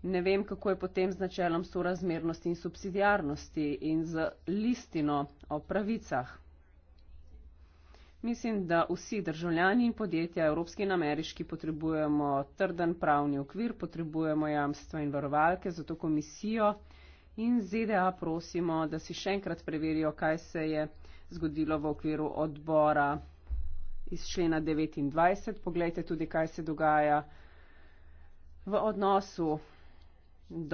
[SPEAKER 1] Ne vem, kako je potem z načelom sorazmernosti in subsidijarnosti in z listino o pravicah. Mislim, da vsi državljani in podjetja, evropski in ameriški, potrebujemo trden pravni okvir, potrebujemo jamstva in varovalke, zato komisijo in ZDA prosimo, da si še enkrat preverijo, kaj se je zgodilo v okviru odbora iz člena 29. Poglejte tudi, kaj se dogaja v odnosu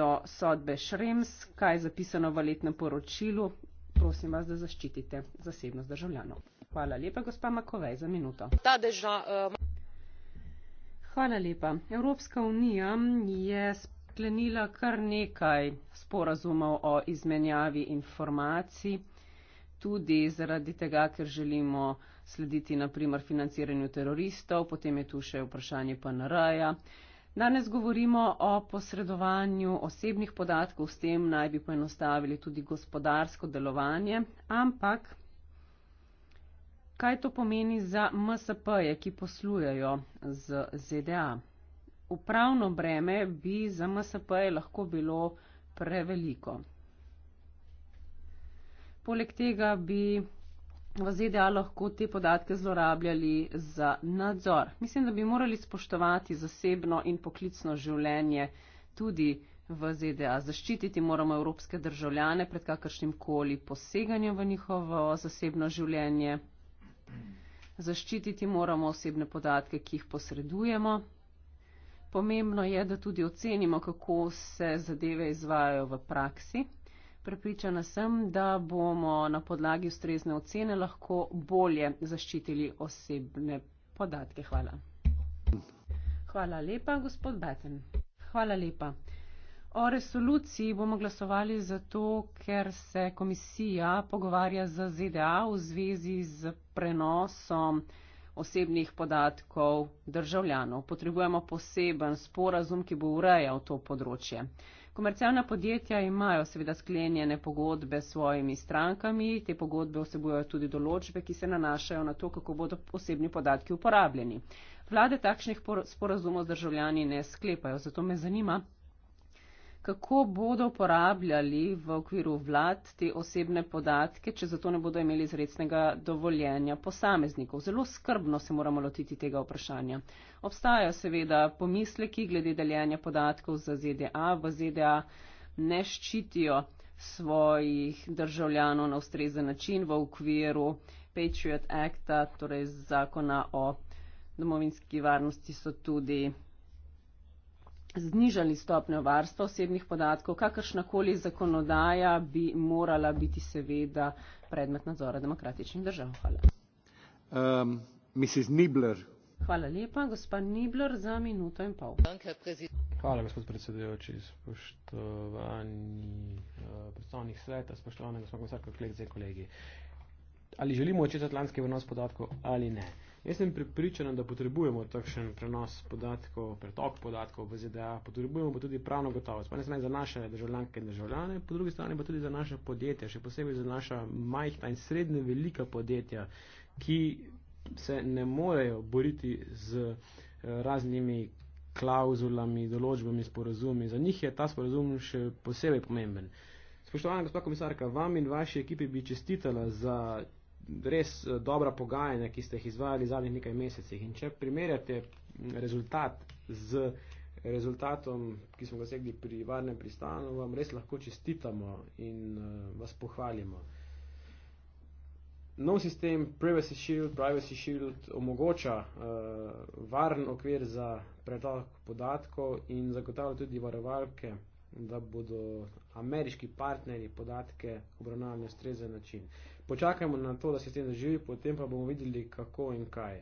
[SPEAKER 1] do sodbe Šrems, kaj je zapisano v letnem poročilu. Prosim vas, da zaščitite zasebnost državljanov. Hvala lepa, gospa Makovej, za minuto. Deža, uh... Hvala lepa. Evropska unija je sklenila kar nekaj sporazumov o izmenjavi informacij, tudi zaradi tega, ker želimo slediti naprimer financiranju teroristov, potem je tu še vprašanje PNR-ja. Danes govorimo o posredovanju osebnih podatkov, s tem naj bi poenostavili tudi gospodarsko delovanje, ampak Kaj to pomeni za MSP-je, ki poslujejo z ZDA? Upravno breme bi za MSP-je lahko bilo preveliko. Poleg tega bi v ZDA lahko te podatke zlorabljali za nadzor. Mislim, da bi morali spoštovati zasebno in poklicno življenje tudi v ZDA. Zaščititi moramo evropske državljane pred kakršnim koli poseganjem v njihovo zasebno življenje. Zaščititi moramo osebne podatke, ki jih posredujemo. Pomembno je, da tudi ocenimo, kako se zadeve izvajajo v praksi. Prepričana sem, da bomo na podlagi ustrezne ocene lahko bolje zaščitili osebne podatke. Hvala. Hvala lepa, gospod Beten. Hvala lepa. O resoluciji bomo glasovali zato, ker se komisija pogovarja z ZDA v zvezi z prenosom osebnih podatkov državljanov. Potrebujemo poseben sporazum, ki bo urejal to področje. Komercialna podjetja imajo seveda sklenjene pogodbe s svojimi strankami. Te pogodbe vsebujejo tudi določbe, ki se nanašajo na to, kako bodo osebni podatki uporabljeni. Vlade takšnih sporazumov z državljani ne sklepajo, zato me zanima, kako bodo uporabljali v okviru vlad te osebne podatke, če zato ne bodo imeli izrecnega dovoljenja posameznikov. Zelo skrbno se moramo lotiti tega vprašanja. Obstajajo seveda pomisleki glede deljenja podatkov za ZDA. V ZDA ne ščitijo svojih državljanov na ustrezen način v okviru Patriot Acta, torej zakona o domovinski varnosti so tudi znižali stopnjo varstva osebnih podatkov, kakršnakoli zakonodaja bi morala biti seveda predmet nadzora demokratičnih držav. Hvala.
[SPEAKER 3] Um, Mrs. Nibler.
[SPEAKER 1] Hvala lepa, gospa Nibler, za minuto in pol.
[SPEAKER 3] Hvala, gospod predsedujoči, spoštovani uh, predstavnik sveta, spoštovane gospod komisarko, kolegice in kolegi. Ali želimo očetatlanski vrnost podatkov ali ne? Jaz sem pripričana, da potrebujemo takšen prenos podatkov, pretok podatkov v ZDA, potrebujemo pa tudi pravno gotovost, pa ne samo za naše državljanke in državljane, po drugi strani pa tudi za naše podjetja, še posebej za naša majhna in srednje velika podjetja, ki se ne morejo boriti z eh, raznimi klauzulami, določbami, sporazumi. Za njih je ta sporazum še posebej pomemben. Spoštovana gospod komisarka, vam in vaši ekipi bi čestitala za res eh, dobra pogajanja, ki ste jih izvajali zadnjih nekaj mesecih. In če primerjate rezultat z rezultatom, ki smo ga segli pri varnem pristanu, vam res lahko čestitamo in eh, vas pohvalimo. Nov sistem Privacy Shield, Privacy Shield omogoča uh, varen okvir za pretok podatkov in zagotavlja tudi varovalke, da bodo ameriški partnerji podatke obravnavali na ustrezen način. Uh, počakajmo na to, da se s tem zaživi, potem pa bomo videli, kako in kaj.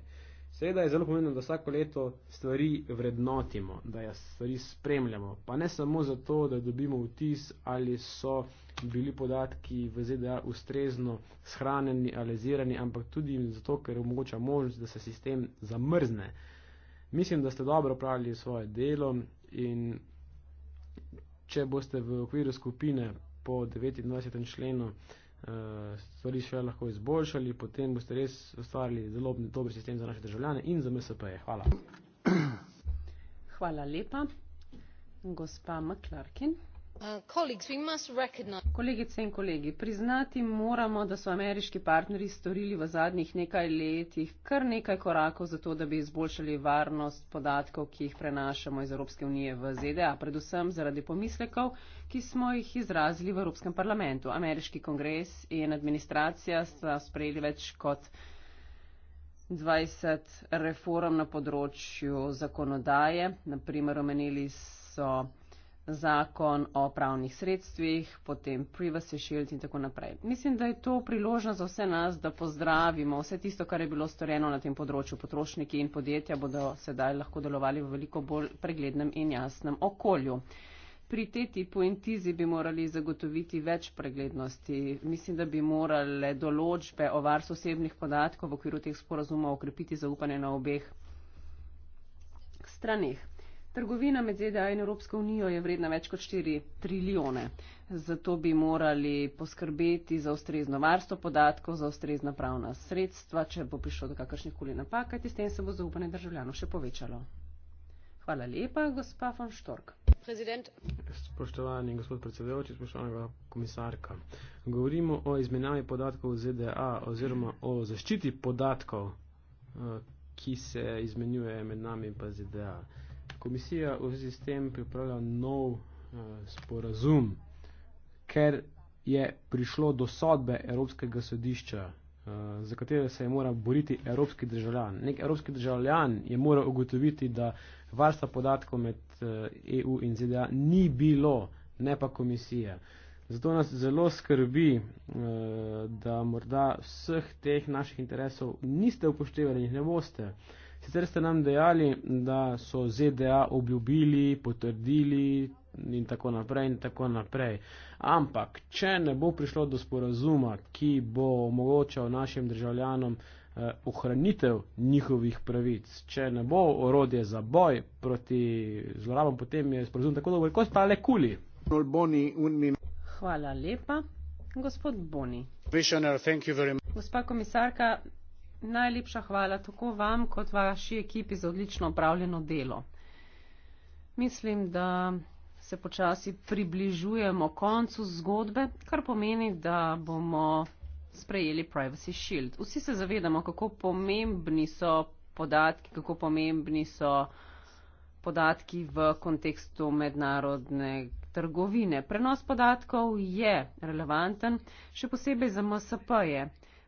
[SPEAKER 3] Seveda je zelo pomembno, da vsako leto stvari vrednotimo, da jih ja stvari spremljamo. Pa ne samo zato, da dobimo vtis, ali so bili podatki v ZDA ustrezno shranjeni, alizirani, ampak tudi zato, ker omogoča možnost, da se sistem zamrzne. Mislim, da ste dobro pravili svoje delo in če boste v okviru skupine po 29. členu stvari še lahko izboljšali, potem boste res ustvarili zelo dober sistem za naše državljane in za MSP-je. Hvala.
[SPEAKER 1] Hvala lepa, gospa McClarkin. Uh, Kolegice in kolegi, priznati moramo, da so ameriški partnerji storili v zadnjih nekaj letih kar nekaj korakov za to, da bi izboljšali varnost podatkov, ki jih prenašamo iz Evropske unije v ZDA, predvsem zaradi pomislekov, ki smo jih izrazili v Evropskem parlamentu. Ameriški kongres in administracija sta sprejeli več kot. 20 reform na področju zakonodaje, naprimer omenili so zakon o pravnih sredstvih, potem Privacy Shield in tako naprej. Mislim, da je to priložnost za vse nas, da pozdravimo vse tisto, kar je bilo storjeno na tem področju. Potrošniki in podjetja bodo sedaj lahko delovali v veliko bolj preglednem in jasnem okolju. Pri tej tipu in tizi bi morali zagotoviti več preglednosti. Mislim, da bi morale določbe o varstvu osebnih podatkov v okviru teh sporazumov okrepiti zaupanje na obeh stranih. Trgovina med ZDA in Evropsko unijo je vredna več kot 4 trilijone. Zato bi morali poskrbeti za ustrezno varstvo podatkov, za ustrezna pravna sredstva, če bo prišlo do kakršnih koli napak, kajti s tem se bo zaupanje državljanov še povečalo. Hvala lepa, gospa von Štork. Prezident.
[SPEAKER 3] Spoštovani gospod predsedujoči, spoštovana komisarka. Govorimo o izmenjavi podatkov ZDA oziroma o zaščiti podatkov, eh, ki se izmenjuje med nami in pa ZDA komisija v zvezi s tem pripravlja nov uh, sporazum, ker je prišlo do sodbe Evropskega sodišča, uh, za katero se je mora boriti evropski državljan. Nek evropski državljan je moral ugotoviti, da varstva podatkov med uh, eh, EU in ZDA ni bilo, ne pa komisija. Zato nas zelo skrbi, uh, da morda vseh teh naših interesov niste upoštevali in jih ne boste. Uh, Sicer ste nam dejali, da so ZDA obljubili, potrdili in tako naprej in tako naprej. Ampak, če ne bo prišlo do sporazuma, ki bo omogočal našim državljanom eh, ohranitev njihovih pravic, če ne bo orodje za boj proti zlorabam, potem je sporazum tako dolg, kot stale kuli.
[SPEAKER 1] Hvala lepa, gospod Boni. Gospa komisarka, najlepša hvala tako vam kot vaši ekipi za odlično opravljeno delo. Mislim, da se počasi približujemo koncu zgodbe, kar pomeni, da bomo sprejeli Privacy Shield. Vsi se zavedamo, kako pomembni so podatki, kako pomembni so podatki v kontekstu mednarodne trgovine. Prenos podatkov je relevanten, še posebej za MSP je.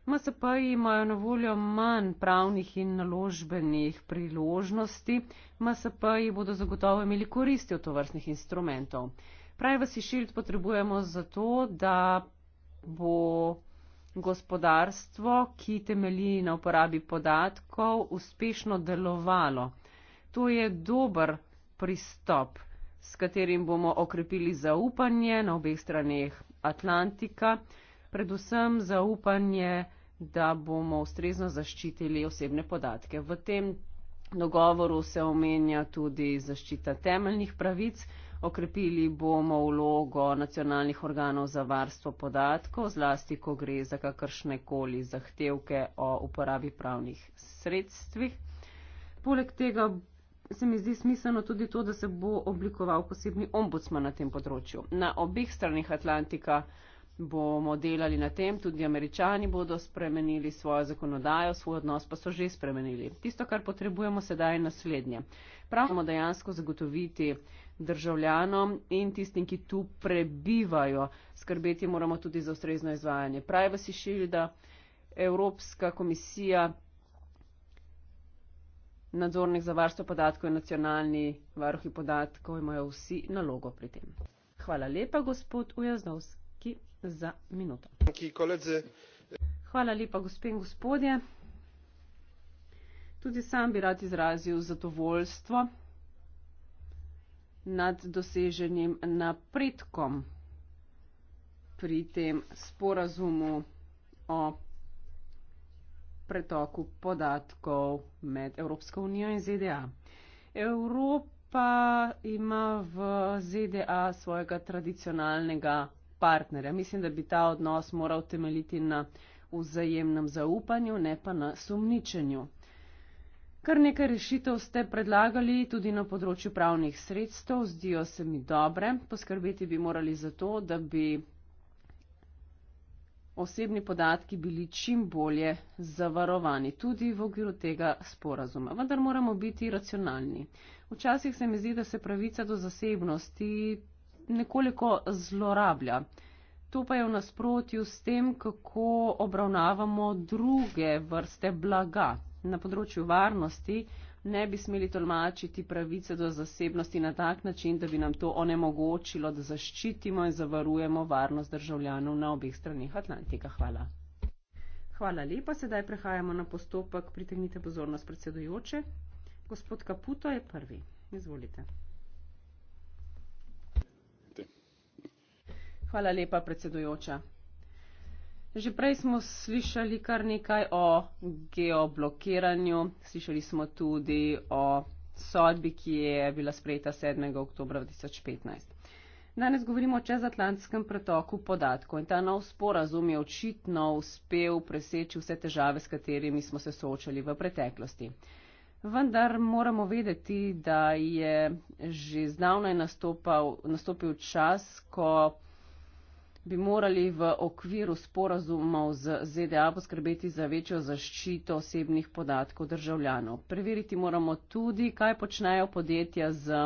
[SPEAKER 1] MSP imajo na voljo manj pravnih in naložbenih priložnosti, MSP ji bodo zagotovo imeli koristi od tovrstnih instrumentov. Privacy Shield potrebujemo zato, da bo gospodarstvo, ki temelji na uporabi podatkov, uspešno delovalo. To je dober pristop, s katerim bomo okrepili zaupanje na obeh straneh Atlantika, predvsem zaupanje da bomo ustrezno zaščitili osebne podatke. V tem dogovoru se omenja tudi zaščita temeljnih pravic. Okrepili bomo vlogo nacionalnih organov za varstvo podatkov, zlasti, ko gre za kakršne koli zahtevke o uporabi pravnih sredstvih. Poleg tega se mi zdi smiselno tudi to, da se bo oblikoval posebni ombudsman na tem področju. Na obeh stranih Atlantika bomo delali na tem, tudi američani bodo spremenili svojo zakonodajo, svoj odnos pa so že spremenili. Tisto, kar potrebujemo sedaj je naslednje. Pravimo dejansko zagotoviti državljanom in tistim, ki tu prebivajo, skrbeti moramo tudi za ustrezno izvajanje. Prajva si šilda, Evropska komisija, nadzornik za varstvo podatkov in nacionalni varuhi podatkov imajo vsi nalogo pri tem. Hvala lepa, gospod Ujazdovski za minuto. Hvala lepa, gospe in gospodje. Tudi sam bi rad izrazil zadovoljstvo nad doseženim napredkom pri tem sporazumu o pretoku podatkov med Evropsko unijo in ZDA. Evropa ima v ZDA svojega tradicionalnega partnerja. Mislim, da bi ta odnos moral temeljiti na vzajemnem zaupanju, ne pa na sumničenju. Kar nekaj rešitev ste predlagali tudi na področju pravnih sredstev, zdijo se mi dobre. Poskrbeti bi morali za to, da bi osebni podatki bili čim bolje zavarovani tudi v okviru tega sporazuma. Vendar moramo biti racionalni. Včasih se mi zdi, da se pravica do zasebnosti nekoliko zlorablja. To pa je v nasprotju s tem, kako obravnavamo druge vrste blaga. Na področju varnosti ne bi smeli tolmačiti pravice do zasebnosti na tak način, da bi nam to onemogočilo, da zaščitimo in zavarujemo varnost državljanov na obeh stranih Atlantika. Hvala. Hvala lepa. Sedaj prehajamo na postopek. Pritegnite pozornost predsedujoče. Gospod Kaputo je prvi. Izvolite. Hvala lepa, predsedujoča. Že prej smo slišali kar nekaj o geoblokiranju, slišali smo tudi o sodbi, ki je bila sprejeta 7. oktober 2015. Danes govorimo o čezatlantskem pretoku podatkov in ta nov sporazum je očitno uspel preseči vse težave, s katerimi smo se soočali v preteklosti. Vendar moramo vedeti, da je že zdavnaj nastopil čas, ko bi morali v okviru sporazumov z ZDA poskrbeti za večjo zaščito osebnih podatkov državljanov. Preveriti moramo tudi, kaj počnejo podjetja z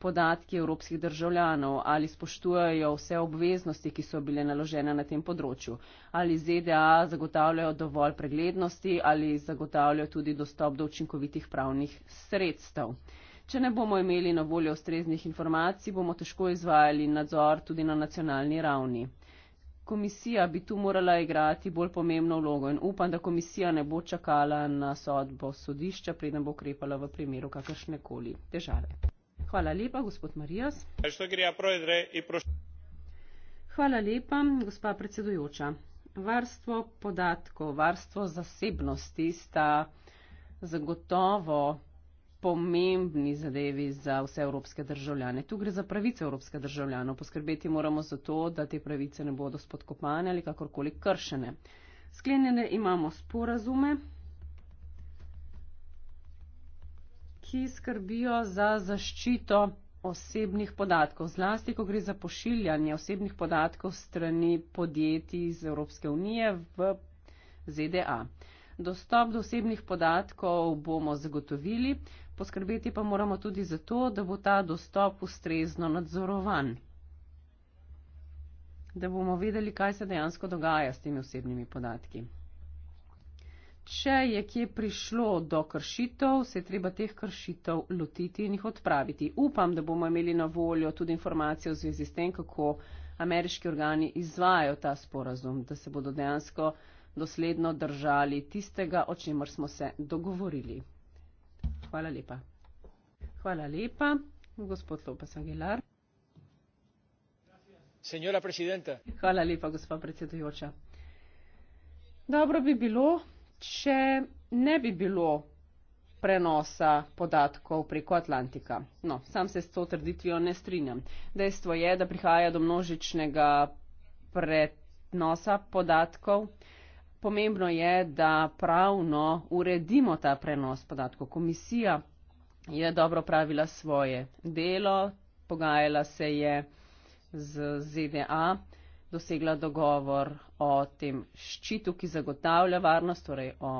[SPEAKER 1] podatki evropskih državljanov, ali spoštujejo vse obveznosti, ki so bile naložene na tem področju, ali ZDA zagotavljajo dovolj preglednosti, ali zagotavljajo tudi dostop do učinkovitih pravnih sredstev. Če ne bomo imeli na voljo ustreznih informacij, bomo težko izvajali nadzor tudi na nacionalni ravni komisija bi tu morala igrati bolj pomembno vlogo in upam, da komisija ne bo čakala na sodbo sodišča, preden bo ukrepala v primeru kakršne koli težave. Hvala lepa, gospod Marijas. Hvala lepa, gospa predsedujoča. Varstvo podatkov, varstvo zasebnosti sta zagotovo pomembni zadevi za vse evropske državljane. Tu gre za pravice evropske državljanov. Poskrbeti moramo za to, da te pravice ne bodo spodkopane ali kakorkoli kršene. Sklenjene imamo sporazume, ki skrbijo za zaščito osebnih podatkov, zlasti ko gre za pošiljanje osebnih podatkov strani podjetij iz Evropske unije v ZDA. Dostop do osebnih podatkov bomo zagotovili, poskrbeti pa moramo tudi za to, da bo ta dostop ustrezno nadzorovan, da bomo vedeli, kaj se dejansko dogaja s temi osebnimi podatki. Če je kje prišlo do kršitev, se je treba teh kršitev lotiti in jih odpraviti. Upam, da bomo imeli na voljo tudi informacije v zvezi s tem, kako ameriški organi izvajo ta sporazum, da se bodo dejansko dosledno držali tistega, o čemer smo se dogovorili. Hvala lepa. Hvala lepa, gospod Lopes Aguilar. Hvala lepa, gospa predsedujoča. Dobro bi bilo, če ne bi bilo prenosa podatkov preko Atlantika. No, sam se s to trditvijo ne strinjam. Dejstvo je, da prihaja do množičnega prenosa podatkov. Pomembno je, da pravno uredimo ta prenos podatkov. Komisija je dobro pravila svoje delo, pogajala se je z ZDA, dosegla dogovor o tem ščitu, ki zagotavlja varnost, torej o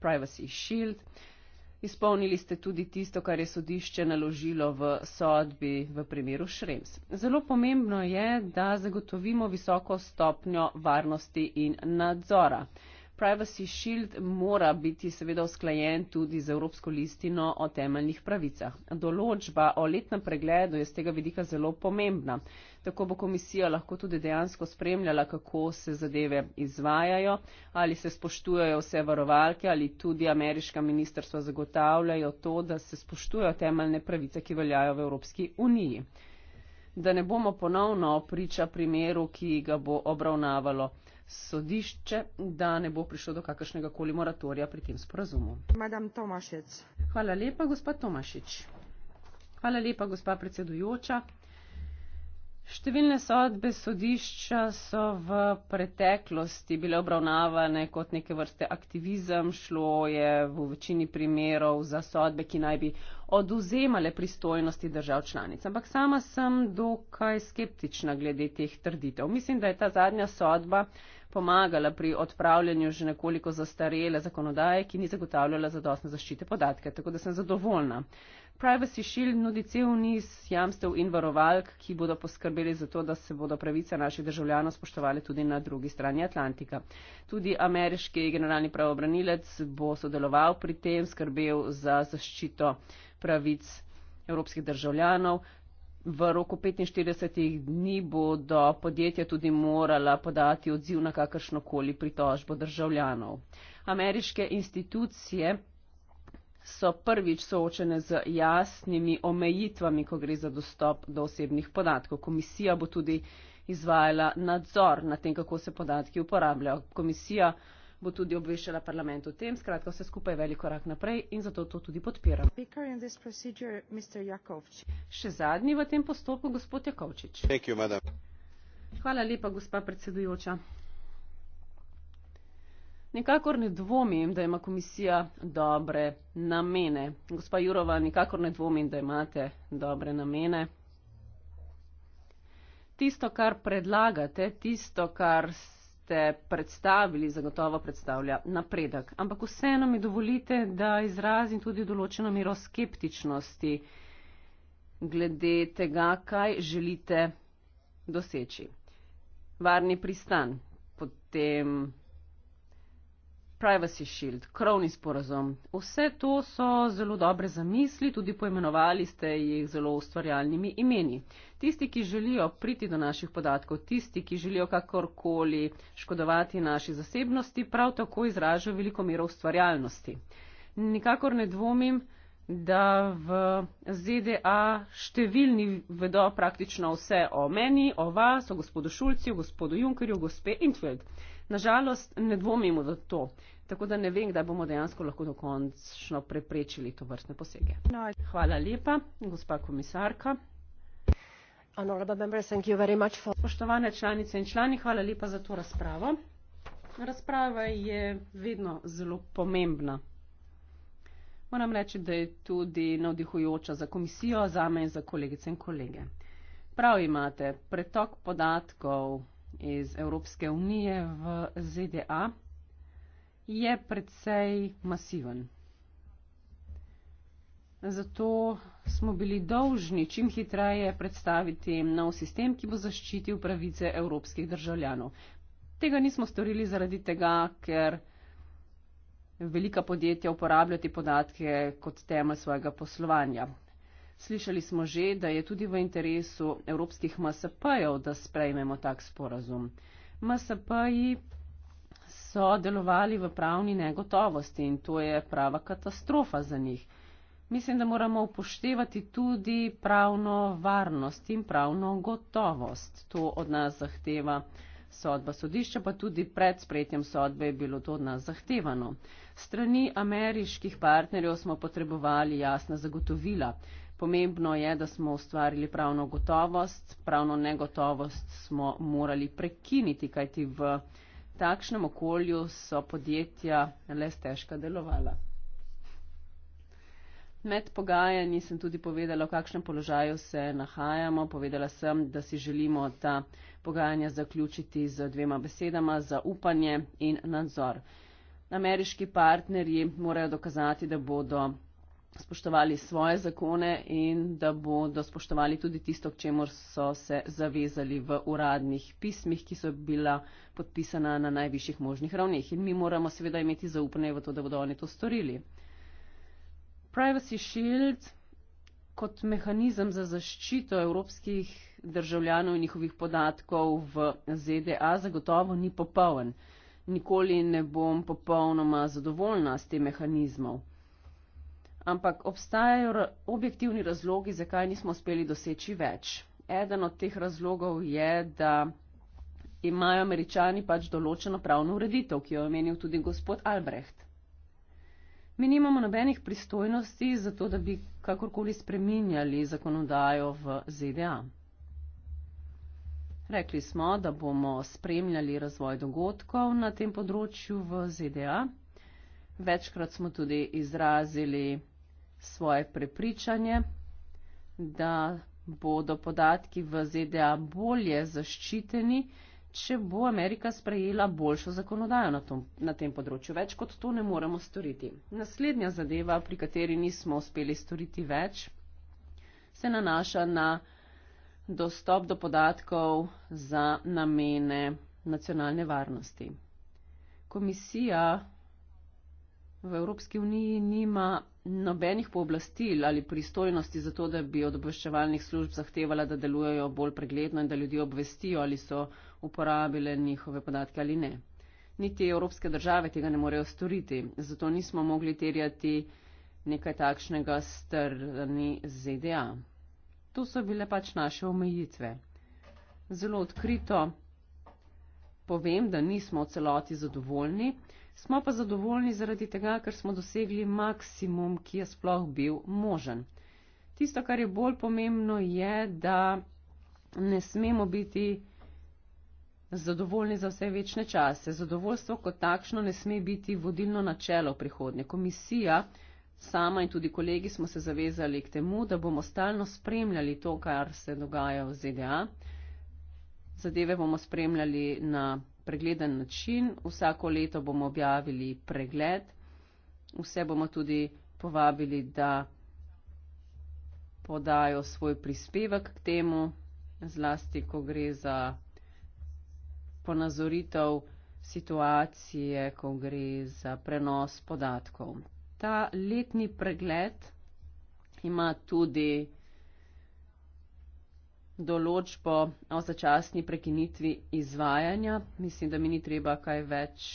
[SPEAKER 1] Privacy Shield. Izpolnili ste tudi tisto, kar je sodišče naložilo v sodbi v primeru Šrems. Zelo pomembno je, da zagotovimo visoko stopnjo varnosti in nadzora. Privacy Shield mora biti seveda usklajen tudi z Evropsko listino o temeljnih pravicah. Določba o letnem pregledu je z tega vidika zelo pomembna. Tako bo komisija lahko tudi dejansko spremljala, kako se zadeve izvajajo, ali se spoštujajo vse varovalke, ali tudi ameriška ministrstva zagotavljajo to, da se spoštujajo temeljne pravice, ki veljajo v Evropski uniji. Da ne bomo ponovno priča primeru, ki ga bo obravnavalo sodišče, da ne bo prišlo do kakršnega koli moratorija pri tem sporazumu. Hvala lepa, gospod Tomašič. Hvala lepa, gospod predsedujoča. Številne sodbe sodišča so v preteklosti bile obravnavane kot neke vrste aktivizem, šlo je v večini primerov za sodbe, ki naj bi oduzemale pristojnosti držav članic. Ampak sama sem dokaj skeptična glede teh trditev. Mislim, da je ta zadnja sodba pomagala pri odpravljanju že nekoliko zastarele zakonodaje, ki ni zagotavljala zadostne zaščite podatke. Tako da sem zadovoljna. Privacy Shield nudi cel niz jamstev in varovalk, ki bodo poskrbeli za to, da se bodo pravice naših državljanov spoštovali tudi na drugi strani Atlantika. Tudi ameriški generalni pravobranilec bo sodeloval pri tem, skrbel za zaščito pravic evropskih državljanov. V roku 45 dni bodo podjetja tudi morala podati odziv na kakršnokoli pritožbo državljanov. Ameriške institucije so prvič soočene z jasnimi omejitvami, ko gre za dostop do osebnih podatkov. Komisija bo tudi izvajala nadzor na tem, kako se podatki uporabljajo. Komisija bo tudi obveščala parlament o tem. Skratka, vse skupaj je velik korak naprej in zato to tudi podpiram. Še zadnji v tem postopku, gospod Jakovčič. You, Hvala lepa, gospa predsedujoča. Nikakor ne dvomim, da ima komisija dobre namene. Gospa Jurova, nikakor ne dvomim, da imate dobre namene. Tisto, kar predlagate, tisto, kar ste predstavili, zagotovo predstavlja napredek. Ampak vseeno mi dovolite, da izrazim tudi določeno mero skeptičnosti glede tega, kaj želite doseči. Varni pristan, potem Privacy Shield, krovni sporazum. Vse to so zelo dobre zamisli, tudi poimenovali ste jih zelo ustvarjalnimi imeni. Tisti, ki želijo priti do naših podatkov, tisti, ki želijo kakorkoli škodovati naši zasebnosti, prav tako izražajo veliko mero ustvarjalnosti. Nikakor ne dvomim, da v ZDA številni vedo praktično vse o meni, o vas, o gospodu Šulci, o gospodu Junkerju, o gospe Intfeld. Nažalost, ne dvomimo za to. Tako da ne vem, kdaj bomo dejansko lahko dokončno preprečili to vrstne posege. No. Hvala lepa, gospa komisarka. Members, for... Spoštovane članice in člani, hvala lepa za to razpravo. Razprava je vedno zelo pomembna. Moram reči, da je tudi navdihujoča za komisijo, za me in za kolegice in kolege. Prav imate, pretok podatkov iz Evropske unije v ZDA je predvsej masiven. Zato smo bili dolžni čim hitreje predstaviti nov sistem, ki bo zaščitil pravice evropskih državljanov. Tega nismo storili zaradi tega, ker velika podjetja uporabljati podatke kot temelj svojega poslovanja. Slišali smo že, da je tudi v interesu evropskih MSP-jev, da sprejmemo tak sporazum. MSP-ji so delovali v pravni negotovosti in to je prava katastrofa za njih. Mislim, da moramo upoštevati tudi pravno varnost in pravno gotovost. To od nas zahteva sodba sodišča, pa tudi pred sprejetjem sodbe je bilo to od nas zahtevano. Strani ameriških partnerjev smo potrebovali jasna zagotovila. Pomembno je, da smo ustvarili pravno gotovost, pravno negotovost smo morali prekiniti, kajti v takšnem okolju so podjetja le stežka delovala. Med pogajanji sem tudi povedala, v kakšnem položaju se nahajamo. Povedala sem, da si želimo ta pogajanja zaključiti z dvema besedama za upanje in nadzor. Ameriški partnerji morajo dokazati, da bodo spoštovali svoje zakone in da bodo spoštovali tudi tisto, k čemu so se zavezali v uradnih pismih, ki so bila podpisana na najvišjih možnih ravneh. In mi moramo seveda imeti zaupanje v to, da bodo oni to storili. Privacy Shield kot mehanizem za zaščito evropskih državljanov in njihovih podatkov v ZDA zagotovo ni popoln. Nikoli ne bom popolnoma zadovoljna s tem mehanizmom ampak obstajajo objektivni razlogi, zakaj nismo uspeli doseči več. Eden od teh razlogov je, da imajo američani pač določeno pravno ureditev, ki jo je omenil tudi gospod Albrecht. Mi nimamo nobenih pristojnosti za to, da bi kakorkoli spreminjali zakonodajo v ZDA. Rekli smo, da bomo spremljali razvoj dogodkov na tem področju v ZDA. Večkrat smo tudi izrazili svoje prepričanje, da bodo podatki v ZDA bolje zaščiteni, če bo Amerika sprejela boljšo zakonodajo na, tom, na tem področju. Več kot to ne moremo storiti. Naslednja zadeva, pri kateri nismo uspeli storiti več, se nanaša na dostop do podatkov za namene nacionalne varnosti. Komisija v Evropski uniji nima nobenih pooblastil ali pristojnosti za to, da bi od obveščevalnih služb zahtevala, da delujejo bolj pregledno in da ljudi obvestijo, ali so uporabile njihove podatke ali ne. Niti evropske države tega ne morejo storiti, zato nismo mogli terjati nekaj takšnega strani ZDA. To so bile pač naše omejitve. Zelo odkrito povem, da nismo v celoti zadovoljni smo pa zadovoljni zaradi tega, ker smo dosegli maksimum, ki je sploh bil možen. Tisto, kar je bolj pomembno, je, da ne smemo biti zadovoljni za vse večne čase. Zadovoljstvo kot takšno ne sme biti vodilno načelo prihodnje. Komisija, sama in tudi kolegi smo se zavezali k temu, da bomo stalno spremljali to, kar se dogaja v ZDA. Zadeve bomo spremljali na pregleden način. Vsako leto bomo objavili pregled. Vse bomo tudi povabili, da podajo svoj prispevek k temu, zlasti, ko gre za ponazoritev situacije, ko gre za prenos podatkov. Ta letni pregled ima tudi določbo o začasni prekinitvi izvajanja. Mislim, da mi ni treba kaj več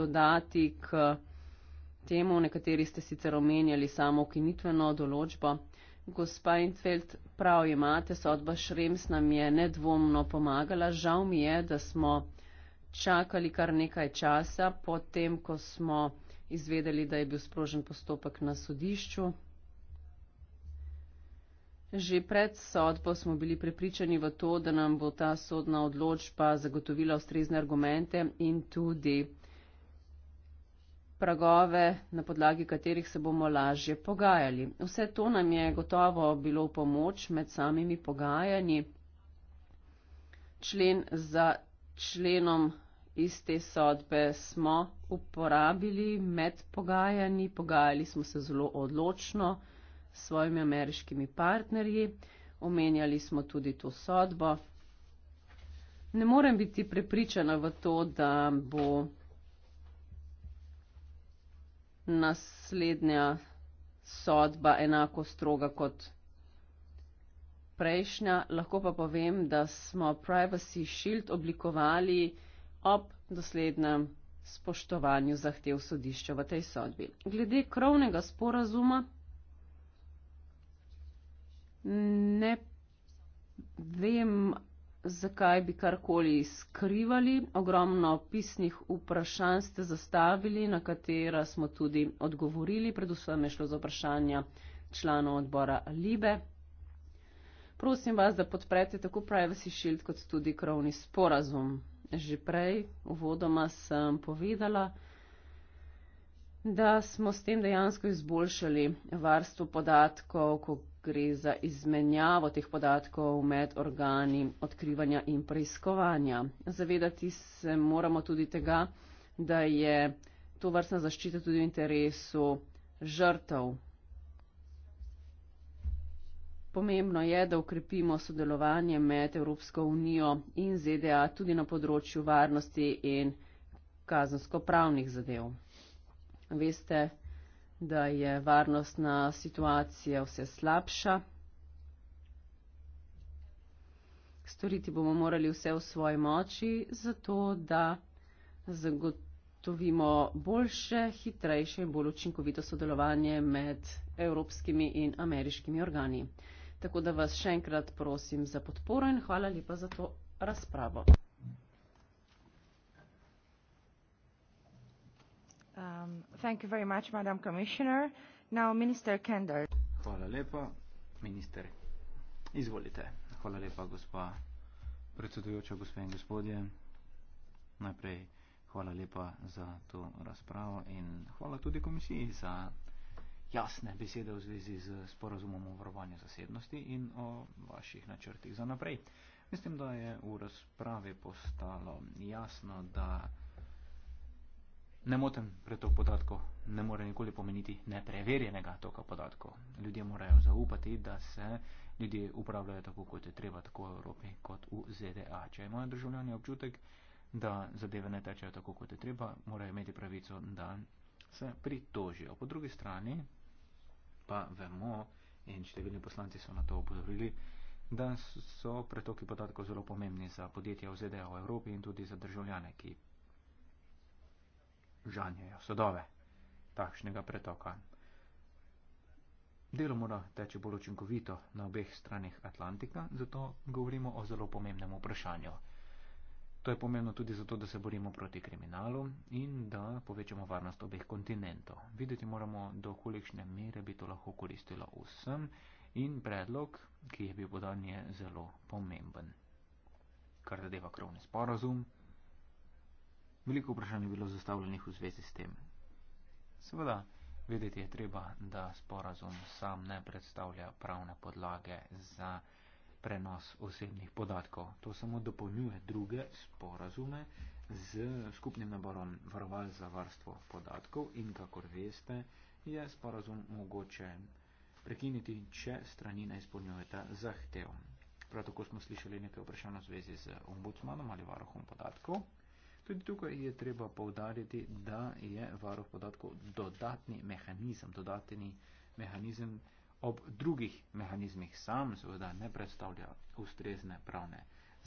[SPEAKER 1] dodati k temu. Nekateri ste sicer omenjali samo ukinitveno določbo. Gospa Intfeld, prav imate, sodba Šrems nam je nedvomno pomagala. Žal mi je, da smo čakali kar nekaj časa, potem ko smo izvedeli, da je bil sprožen postopek na sodišču. Že pred sodbo smo bili prepričani v to, da nam bo ta sodna odločba zagotovila ustrezne argumente in tudi pragove, na podlagi katerih se bomo lažje pogajali. Vse to nam je gotovo bilo v pomoč med samimi pogajanji. Člen za členom iz te sodbe smo uporabili med pogajanji, pogajali smo se zelo odločno s svojimi ameriškimi partnerji, omenjali smo tudi to sodbo. Ne morem biti prepričana v to, da bo naslednja sodba enako stroga kot prejšnja. Lahko pa povem, da smo Privacy Shield oblikovali ob doslednem spoštovanju zahtev sodišča v tej sodbi. Glede krovnega sporazuma ne vem, zakaj bi karkoli skrivali. Ogromno pisnih vprašanj ste zastavili, na katera smo tudi odgovorili. Predvsem je šlo za vprašanja članov odbora Libe. Prosim vas, da podprete tako Privacy Shield kot tudi krovni sporazum. Že prej, uvodoma sem povedala, da smo s tem dejansko izboljšali varstvo podatkov, ko gre za izmenjavo teh podatkov med organi odkrivanja in preiskovanja. Zavedati se moramo tudi tega, da je to vrstna zaščita tudi v interesu žrtev. Pomembno je, da ukrepimo sodelovanje med Evropsko unijo in ZDA tudi na področju varnosti in kazensko-pravnih zadev veste, da je varnostna situacija vse slabša. Storiti bomo morali vse v svoji moči, zato da zagotovimo boljše, hitrejše in bolj učinkovito sodelovanje med evropskimi in ameriškimi organi. Tako da vas še enkrat prosim za podporo in hvala lepa za to razpravo. Um, thank you very much, Madam Commissioner. Now, Minister Kender.
[SPEAKER 2] Hvala lepa, minister. Izvolite. Hvala lepa, gospa predsedujoča, gospe in gospodje. Najprej hvala lepa za to razpravo in hvala tudi komisiji za jasne besede v zvezi z sporozumom o varovanju zasebnosti in o vaših načrtih za naprej. Mislim, da je v razpravi postalo jasno, da Nemoten pretok podatkov ne more nikoli pomeniti nepreverjenega toka podatkov. Ljudje morajo zaupati, da se ljudje upravljajo tako, kot je treba, tako v Evropi kot v ZDA. Če imajo državljani občutek, da zadeve ne tečejo tako, kot je treba, morajo imeti pravico, da se pritožijo. Po drugi strani pa vemo in številni poslanci so na to upozorili, da so pretoki podatkov zelo pomembni za podjetja v ZDA v Evropi in tudi za državljane, ki žanjajo ja, sodove takšnega pretoka. Delo mora teči bolj učinkovito na obeh stranih Atlantika, zato govorimo o zelo pomembnem vprašanju. To je pomembno tudi zato, da se borimo proti kriminalu in da povečamo varnost obeh kontinentov. Videti moramo, do kolikšne mere bi to lahko koristilo vsem in predlog, ki je bil podan, je zelo pomemben. Kar zadeva krovni sporazum, Veliko vprašanj je bilo zastavljenih v zvezi s tem. Seveda, vedeti je treba, da sporazum sam ne predstavlja pravne podlage za prenos osebnih podatkov. To samo dopolnjuje druge sporazume z skupnim naborom varoval za varstvo podatkov in, kakor veste, je sporazum mogoče prekiniti, če strani ne izpolnjujeta zahtev. Prav tako smo slišali nekaj vprašanj v zvezi z ombudsmanom ali varohom podatkov. Tudi tukaj je treba povdariti, da je varuh podatkov dodatni mehanizem, dodatni mehanizem ob drugih mehanizmih sam, seveda ne predstavlja ustrezne pravne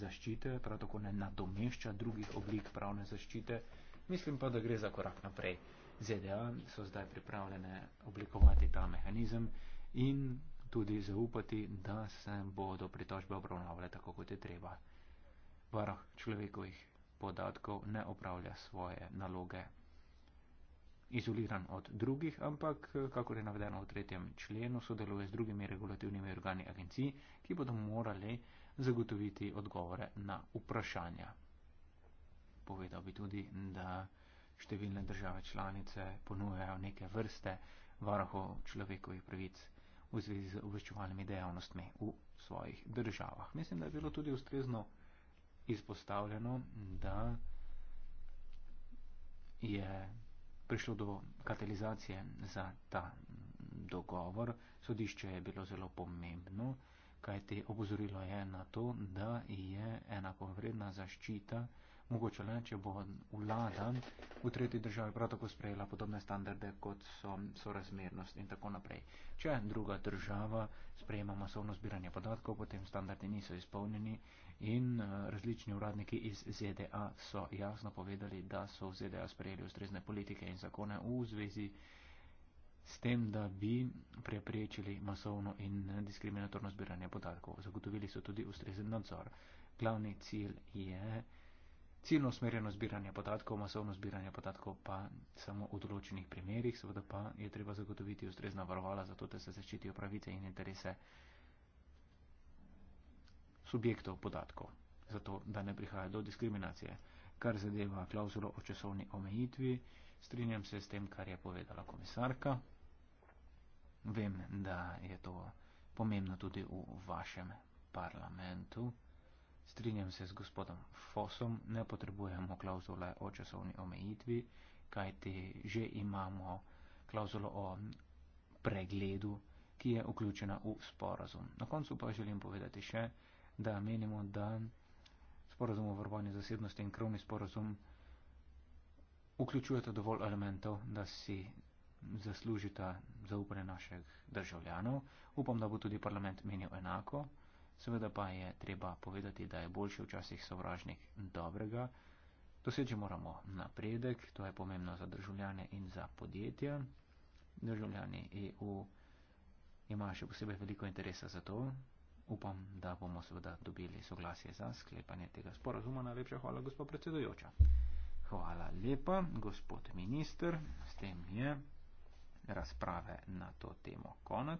[SPEAKER 2] zaščite, prav tako ne nadomešča drugih oblik pravne zaščite. Mislim pa, da gre za korak naprej. ZDA so zdaj pripravljene oblikovati ta mehanizem in tudi zaupati, da se bodo pritožbe obravnavale tako, kot je treba. Varuh človekovih podatkov ne opravlja svoje naloge. Izoliran od drugih, ampak, kako je navedeno v tretjem členu, sodeluje z drugimi regulativnimi organi agencij, ki bodo morali zagotoviti odgovore na vprašanja. Povedal bi tudi, da številne države članice ponujajo neke vrste varohov človekovih pravic v zvezi z obveščevalnimi dejavnostmi v svojih državah. Mislim, da je bilo tudi ustrezno izpostavljeno, da je prišlo do katalizacije za ta dogovor. Sodišče je bilo zelo pomembno, kajte obozorilo je na to, da je enakovredna zaščita mogoče le, če bo vlada v tretji državi prav tako sprejela podobne standarde, kot so sorazmernost in tako naprej. Če druga država sprejema masovno zbiranje podatkov, potem standardi niso izpolnjeni in eh, različni uradniki iz ZDA so jasno povedali, da so v ZDA sprejeli ustrezne politike in zakone v zvezi s tem, da bi preprečili masovno in diskriminatorno zbiranje podatkov. Zagotovili so tudi ustrezen nadzor. Glavni cilj je ciljno usmerjeno zbiranje podatkov, masovno zbiranje podatkov pa samo v določenih primerjih, seveda pa je treba zagotoviti ustrezna varovala, zato da se zaščitijo pravice in interese subjektov podatkov, zato da ne prihaja do diskriminacije. Kar zadeva klauzulo o časovni omejitvi, strinjam se s tem, kar je povedala komisarka. Vem, da je to pomembno tudi v vašem parlamentu. Strinjam se z gospodom Fosom, ne potrebujemo klauzule o časovni omejitvi, kajti že imamo klauzulo o pregledu, ki je vključena v sporazum. Na koncu pa želim povedati še, da menimo, da sporozum o varovanju zasebnosti in krovni sporozum vključujeta dovolj elementov, da si zaslužita zaupanje naših državljanov. Upam, da bo tudi parlament menil enako. Seveda pa je treba povedati, da je boljši včasih sovražnik dobrega. Doseči moramo napredek, to je pomembno za državljane in za podjetja. Državljani EU imajo še posebej veliko interesa za to, Upam, da bomo seveda dobili soglasje za sklepanje tega sporozuma. Najlepša hvala, gospod predsedujoča. Hvala lepa, gospod minister. S tem je razprave na to temo konec.